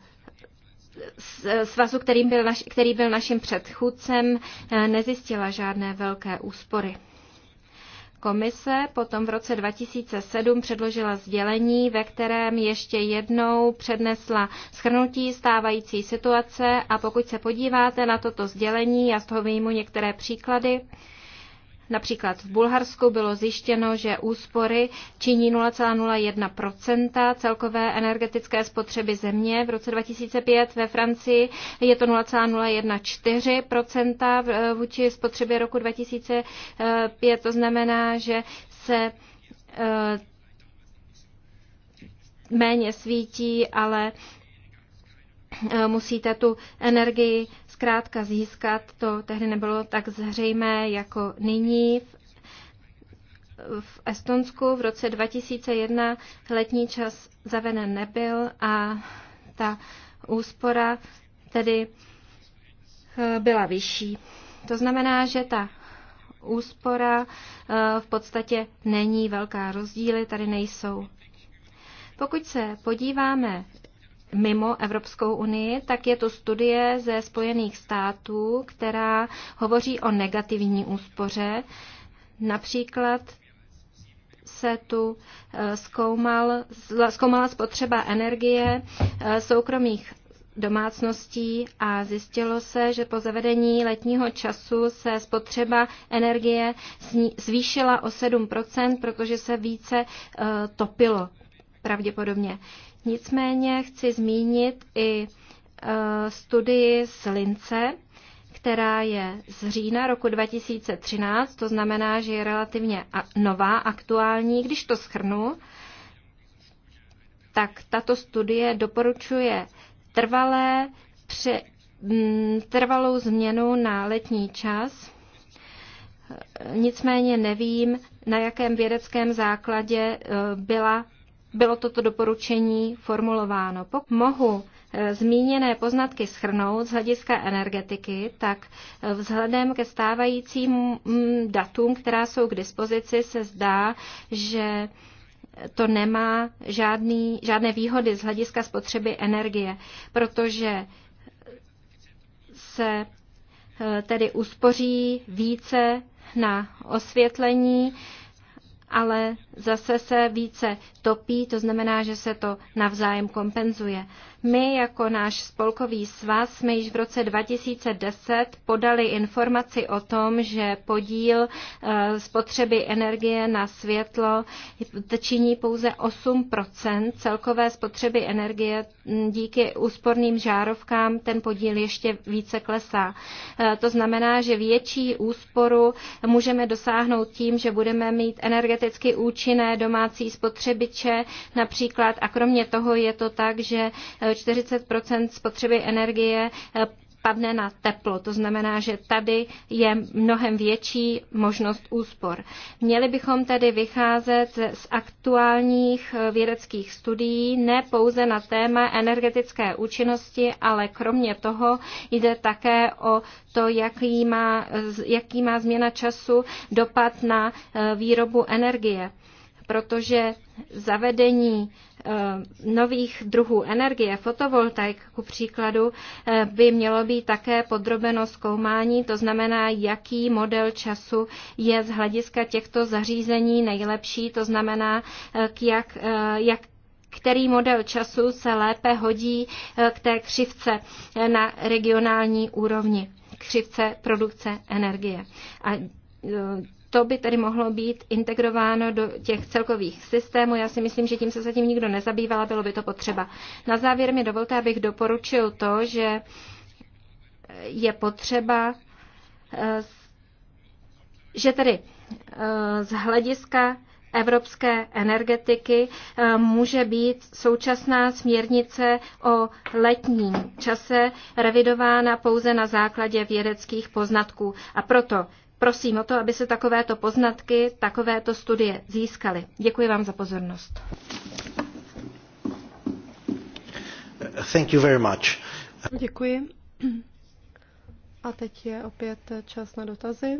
svazu, kterým byl naš, který byl naším předchůdcem, eh, nezjistila žádné velké úspory. Komise potom v roce 2007 předložila sdělení, ve kterém ještě jednou přednesla schrnutí stávající situace a pokud se podíváte na toto sdělení, já z toho vyjmu některé příklady, Například v Bulharsku bylo zjištěno, že úspory činí 0,01 celkové energetické spotřeby země. V roce 2005 ve Francii je to 0,014 eh, vůči spotřebě roku 2005. To znamená, že se eh, méně svítí, ale eh, musíte tu energii zkrátka získat. To tehdy nebylo tak zřejmé jako nyní. V v Estonsku v roce 2001 letní čas zaveden nebyl a ta úspora tedy eh, byla vyšší. To znamená, že ta úspora eh, v podstatě není velká rozdíly, tady nejsou. Pokud se podíváme mimo Evropskou unii, tak je to studie ze Spojených států, která hovoří o negativní úspoře. Například se tu eh, zkoumal, zkoumala spotřeba energie eh, soukromých domácností a zjistilo se, že po zavedení letního času se spotřeba energie zvýšila o 7%, protože se více eh, topilo pravděpodobně. Nicméně chci zmínit i e, studii z Lince, která je z října roku 2013, to znamená, že je relativně nová, aktuální. Když to schrnu, tak tato studie doporučuje trvalé pře, trvalou změnu na letní čas. E, nicméně nevím, na jakém vědeckém základě e, byla bylo toto doporučení formulováno. Pokud mohu eh, zmíněné poznatky schrnout z hlediska energetiky, tak eh, vzhledem ke stávajícím mm, datům, která jsou k dispozici, se zdá, že to nemá žádný, žádné výhody z hlediska spotřeby energie, protože se eh, tedy uspoří více na osvětlení, ale zase se více topí, to znamená, že se to navzájem kompenzuje. My jako náš spolkový svaz jsme již v roce 2010 podali informaci o tom, že podíl eh, spotřeby energie na světlo činí pouze 8 celkové spotřeby energie. Mm, díky úsporným žárovkám ten podíl ještě více klesá. Eh, to znamená, že větší úsporu můžeme dosáhnout tím, že budeme mít energeticky účinný účinné domácí spotřebiče například. A kromě toho je to tak, že 40 eh, spotřeby energie eh, padne na teplo. To znamená, že tady je mnohem větší možnost úspor. Měli bychom tedy vycházet z aktuálních eh, vědeckých studií, ne pouze na téma energetické účinnosti, ale kromě toho jde také o to, jaký má, jaký má změna času dopad na výrobu energie protože zavedení eh, nových druhů energie, fotovoltaik ku příkladu, eh, by mělo být také podrobeno zkoumání, to znamená, jaký model času je z hlediska těchto zařízení nejlepší, to znamená, eh, jak, jak který model času se lépe hodí k té křivce na regionální úrovni, křivce produkce energie. A to by tedy mohlo být integrováno do těch celkových systémů. Já si myslím, že tím se zatím nikdo nezabýval bylo by to potřeba. Na závěr mi dovolte, abych doporučil to, že je potřeba, eh, že tedy eh, z hlediska evropské energetiky eh, může být současná směrnice o letním čase revidována pouze na základě vědeckých poznatků. A proto prosím o to, aby se takovéto poznatky, takovéto studie získaly. Děkuji vám za pozornost. Thank you very much. Děkuji. A teď je opět čas na dotazy.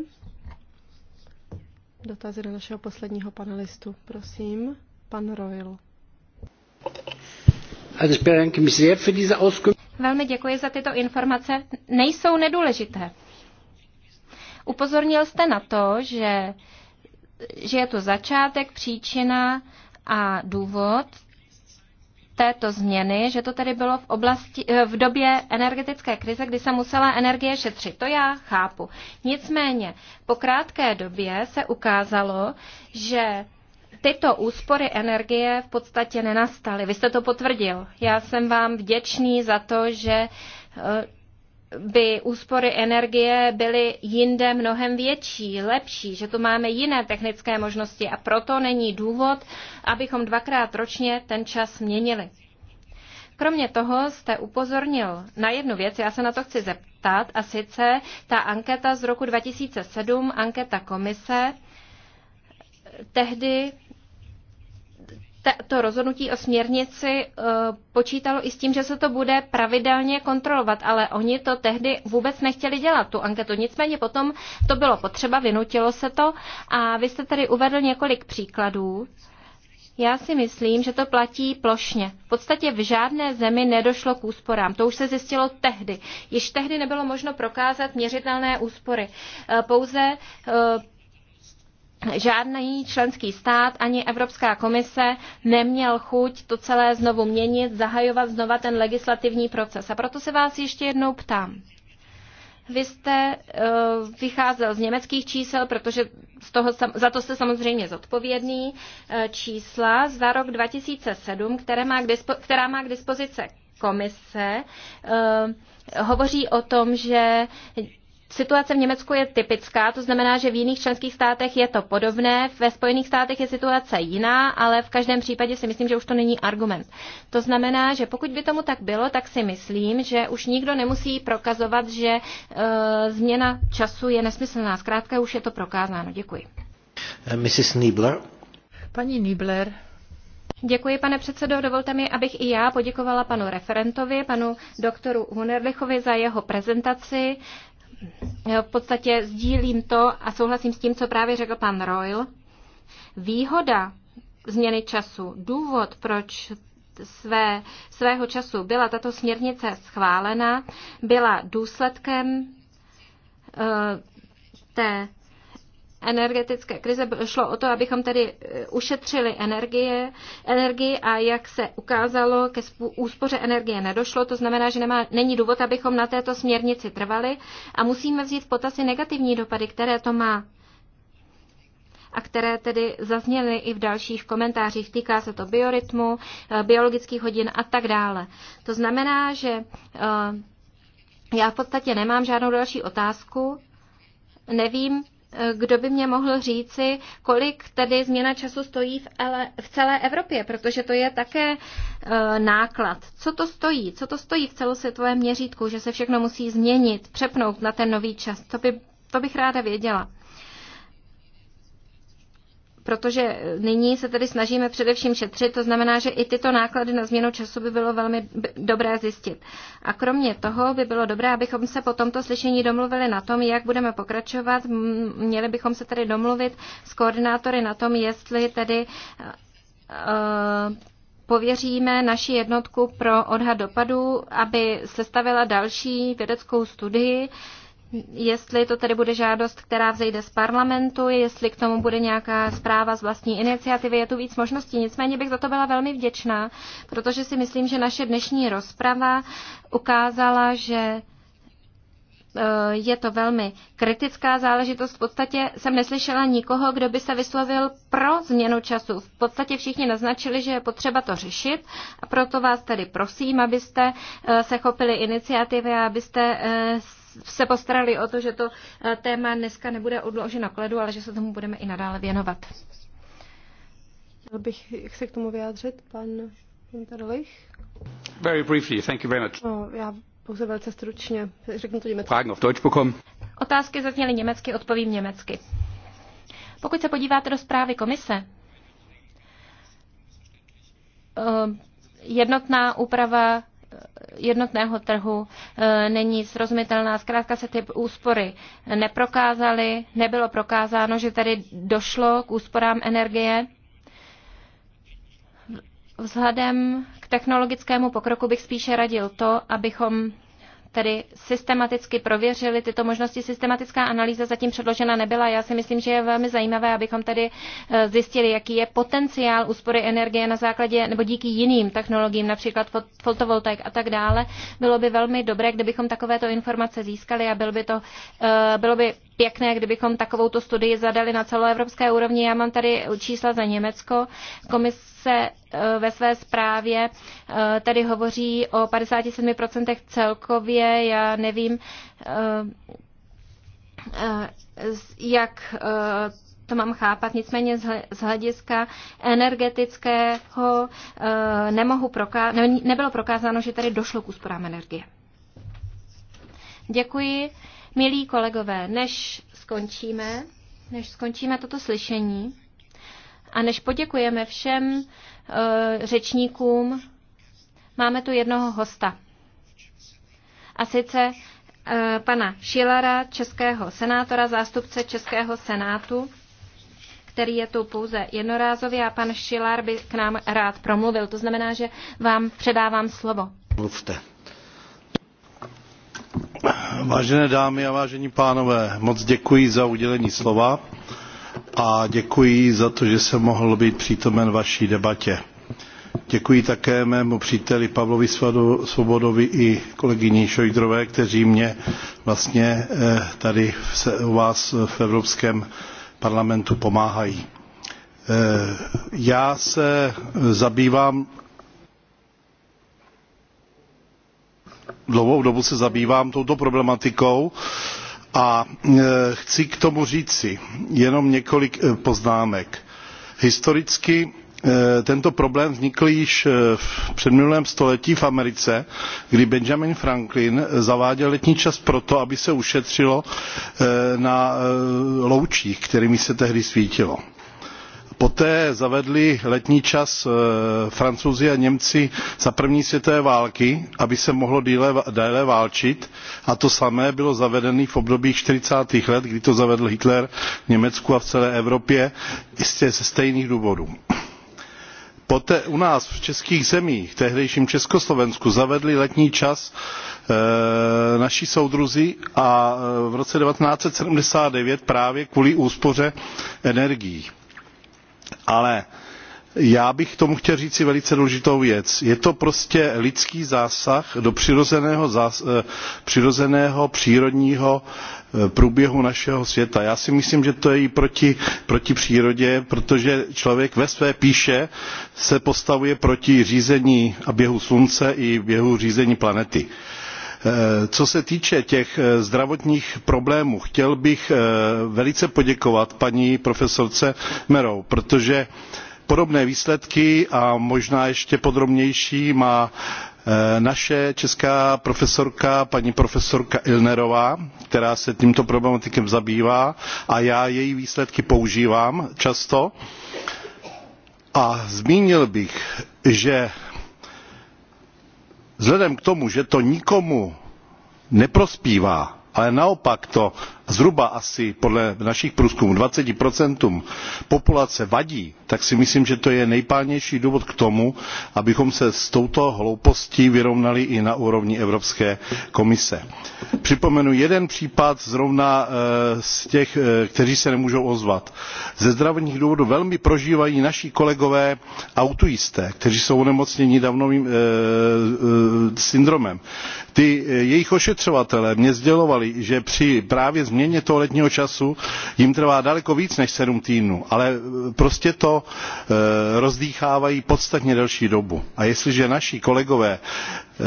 Dotazy do našeho posledního panelistu. Prosím, pan Royal. Velmi děkuji za tyto informace. Nejsou nedůležité. Upozornil jste na to, že, že je to začátek, příčina a důvod této změny, že to tedy bylo v, oblasti, eh, v době energetické krize, kdy se musela energie šetřit. To já chápu. Nicméně po krátké době se ukázalo, že tyto úspory energie v podstatě nenastaly. Vy jste to potvrdil. Já jsem vám vděčný za to, že eh, by úspory energie byly jinde mnohem větší, lepší, že tu máme jiné technické možnosti a proto není důvod, abychom dvakrát ročně ten čas měnili. Kromě toho jste upozornil na jednu věc, já se na to chci zeptat, a sice ta anketa z roku 2007, anketa komise, tehdy to rozhodnutí o směrnici eh, počítalo i s tím, že se to bude pravidelně kontrolovat, ale oni to tehdy vůbec nechtěli dělat, tu anketu. Nicméně potom to bylo potřeba, vynutilo se to a vy jste tady uvedl několik příkladů. Já si myslím, že to platí plošně. V podstatě v žádné zemi nedošlo k úsporám. To už se zjistilo tehdy. Již tehdy nebylo možno prokázat měřitelné úspory. Eh, pouze eh, žádný členský stát ani Evropská komise neměl chuť to celé znovu měnit, zahajovat znova ten legislativní proces. A proto se vás ještě jednou ptám. Vy jste uh, vycházel z německých čísel, protože z toho, za to jste samozřejmě zodpovědný, uh, čísla za rok 2007, které má k dispo, která má k dispozici komise, uh, hovoří o tom, že Situace v Německu je typická, to znamená, že v jiných členských státech je to podobné, ve Spojených státech je situace jiná, ale v každém případě si myslím, že už to není argument. To znamená, že pokud by tomu tak bylo, tak si myslím, že už nikdo nemusí prokazovat, že e, změna času je nesmyslná. Zkrátka už je to prokázáno. Děkuji. Eh, Mrs. Niebler. Paní Niebler. Děkuji, pane předsedo. Dovolte mi, abych i já poděkovala panu referentovi, panu doktoru Hunerlichovi za jeho prezentaci v podstatě sdílím to a souhlasím s tím, co právě řekl pan Royal. Výhoda změny času, důvod, proč své, svého času byla tato směrnice schválena, byla důsledkem uh, té energetické krize šlo o to, abychom tady e, ušetřili energie, energii a jak se ukázalo, ke úspoře energie nedošlo. To znamená, že nemá, není důvod, abychom na této směrnici trvali a musíme vzít v potaz i negativní dopady, které to má a které tedy zazněly i v dalších komentářích. Týká se to biorytmu, e, biologických hodin a tak dále. To znamená, že e, já v podstatě nemám žádnou další otázku. Nevím, kdo by mě mohl říci, kolik tedy změna času stojí v, ele, v celé Evropě, protože to je také e, náklad. Co to stojí? Co to stojí v celosvětovém měřítku, že se všechno musí změnit, přepnout na ten nový čas? To, by, to bych ráda věděla protože nyní se tedy snažíme především šetřit, to znamená, že i tyto náklady na změnu času by bylo velmi dobré zjistit. A kromě toho by bylo dobré, abychom se po tomto slyšení domluvili na tom, jak budeme pokračovat. Měli bychom se tedy domluvit s koordinátory na tom, jestli tedy eh, eh, pověříme naši jednotku pro odhad dopadů, aby sestavila další vědeckou studii, jestli to tedy bude žádost, která vzejde z parlamentu, jestli k tomu bude nějaká zpráva z vlastní iniciativy, je tu víc možností. Nicméně bych za to byla velmi vděčná, protože si myslím, že naše dnešní rozprava ukázala, že eh, je to velmi kritická záležitost. V podstatě jsem neslyšela nikoho, kdo by se vyslovil pro změnu času. V podstatě všichni naznačili, že je potřeba to řešit a proto vás tedy prosím, abyste eh, se chopili iniciativy a abyste eh, se postarali o to, že to eh, téma dneska nebude odloženo k ledu, ale že se tomu budeme i nadále věnovat. Chtěl bych se k tomu vyjádřit, pan Winterlich. Very briefly, thank you very much. No, já pouze velice stručně. Řeknu to německy. Otázky zazněly německy, odpovím německy. Pokud se podíváte do zprávy komise, eh, jednotná úprava jednotného trhu e, není srozumitelná. Zkrátka se ty úspory neprokázaly, nebylo prokázáno, že tady došlo k úsporám energie. Vzhledem k technologickému pokroku bych spíše radil to, abychom tedy systematicky prověřili tyto možnosti. Systematická analýza zatím předložena nebyla. Já si myslím, že je velmi zajímavé, abychom tedy eh, zjistili, jaký je potenciál úspory energie na základě nebo díky jiným technologiím, například fotovoltaik a tak dále. Bylo by velmi dobré, kdybychom takovéto informace získali a byl by to, eh, bylo by pěkné, kdybychom takovou studii zadali na celoevropské úrovni. Já mám tady čísla za Německo. Komise e, ve své zprávě e, tady hovoří o 57% celkově. Já nevím, e, jak to mám chápat, nicméně z hlediska energetického nemohu proká- ne, nebylo prokázáno, že tady došlo k úsporám energie. Děkuji. Milí kolegové, než skončíme, než skončíme toto slyšení a než poděkujeme všem uh, řečníkům, máme tu jednoho hosta. A sice uh, pana Šilara, českého senátora, zástupce Českého senátu který je tu pouze jednorázově a pan Šilar by k nám rád promluvil. To znamená, že vám předávám slovo. Mluvte. Vážené dámy a vážení pánové, moc děkuji za udělení slova a děkuji za to, že jsem mohl být přítomen vaší debatě. Děkuji také mému příteli Pavlovi Svobodovi i kolegyni Šojdrové, kteří mě vlastně eh, tady u vás v Evropském parlamentu pomáhají. Eh, já se zabývám dlouhou dobu se zabývám touto problematikou a e, chci k tomu říci jenom několik e, poznámek. historicky e, tento problém vznikl již v předminulém století v americe kdy benjamin franklin zaváděl letní čas proto aby se ušetřilo na loučích kterými se tehdy svítilo poté zavedli letní čas eh, francouzi a němci za první světové války aby se mohlo déle válčit a to samé bylo zavedeno v období čtyřicátých let kdy to zavedl hitler v německu a v celé evropě jistě ze stejných důvodů. poté u nás v českých zemích v tehdejším československu zavedli letní čas eh, naši soudruzi a eh, v roce one thousand nine hundred and seventy nine právě kvůli úspoře energií ale já bych k tomu chtěl říci velice důležitou věc je to prostě lidský zásah do přirozeného, eh, přírodního eh, průběhu našeho světa. já si myslím že to je i proti, proti přírodě protože člověk ve své píše se postavuje proti řízení a běhu slunce i běhu řízení planety. Eh, co se týče těch eh, zdravotních problémů, chtěl bych eh, velice poděkovat paní profesorce Merou, protože podobné výsledky a možná ještě podrobnější má naše česká profesorka paní profesorka ilnerová která se tímto problematikem zabývá a já její výsledky používám často a zmínil bych že vzhledem k tomu že to nikomu neprospívá ale naopak to zhruba asi podle našich průzkumů twenty populace vadí tak si myslím že to je nejpádnější důvod k tomu abychom se s touto hloupostí vyrovnali i na úrovni evropské komise. připomenu jeden případ zrovna eh, z těch eh, kteří se nemůžou ozvat. ze zdravotních důvodů velmi prožívají naši kolegové autisté kteří jsou onemocněni downovým eh, syndromem. jejich ošetřovatelé mně sdělovali že při právě změně toho letního času jim trvá daleko víc než sedm týdnů ale e, prostě to e, rozdýchávají podstatně delší dobu. a jestliže naši kolegové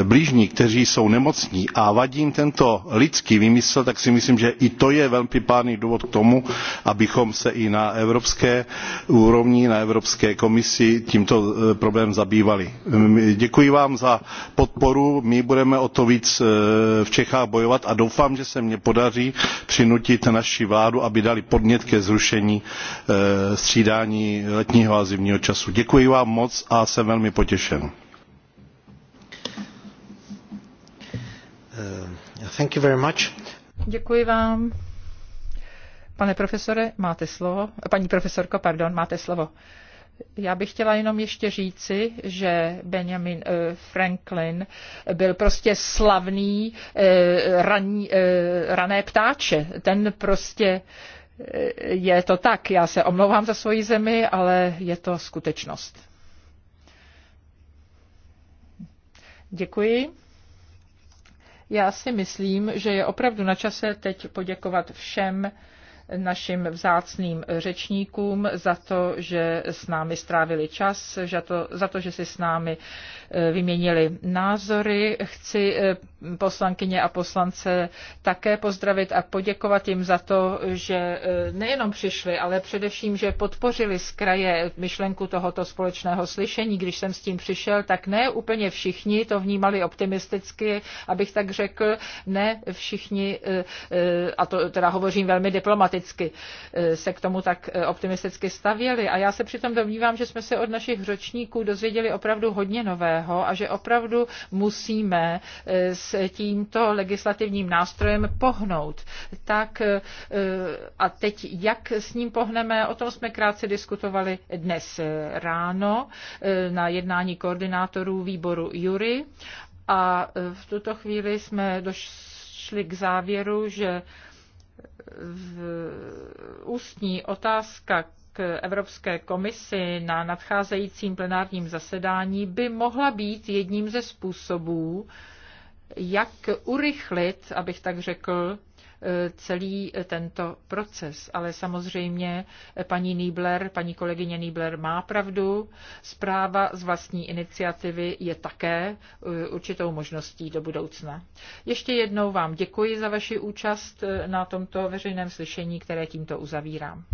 blížní kteří jsou nemocní a vadí jim tento lidský výmysl tak si myslím že i to je velmi pádný důvod k tomu abychom se i na evropské úrovni na evropské komisi tímto eh, problémem zabývali. děkuji vám za podporu my budeme o to víc eh, v čechách bojovat a doufám že se mně podaří přinutit naši vládu aby dali podnět ke zrušení eh, střídání letního a zimního času. děkuji vám moc a jsem velmi potěšen. Děkuji vám. Pane profesore, máte slovo. Paní profesorko, pardon, máte slovo. Já bych chtěla jenom ještě říci, že Benjamin eh, Franklin byl prostě slavný eh, raní, eh, rané ptáče. Ten prostě je to tak. Já se omlouvám za svoji zemi, ale je to skutečnost. Děkuji. Já si myslím, že je opravdu na čase teď poděkovat všem našim vzácným řečníkům za to, že s námi strávili čas, za to, za to, že si s námi e, vyměnili názory. Chci e, poslankyně a poslance také pozdravit a poděkovat jim za to, že e, nejenom přišli, ale především, že podpořili z kraje myšlenku tohoto společného slyšení. Když jsem s tím přišel, tak ne úplně všichni to vnímali optimisticky, abych tak řekl, ne všichni, a to teda hovořím velmi diplomaticky, automaticky eh, se k tomu tak eh, optimisticky stavěli. A já se přitom domnívám, že jsme se od našich ročníků dozvěděli opravdu hodně nového a že opravdu musíme eh, s tímto legislativním nástrojem pohnout. Tak a teď jak s ním pohneme, o tom jsme krátce diskutovali dnes ráno na jednání koordinátorů výboru Jury. A v tuto chvíli jsme došli k závěru, že v ústní otázka k Evropské komisi na nadcházejícím plenárním zasedání by mohla být jedním ze způsobů, jak urychlit, abych tak řekl, celý tento proces. Ale samozřejmě paní Niebler, paní kolegyně Niebler má pravdu. Zpráva z vlastní iniciativy je také eh, určitou možností do budoucna. Ještě jednou vám děkuji za vaši účast eh, na tomto veřejném slyšení, které tímto uzavírám.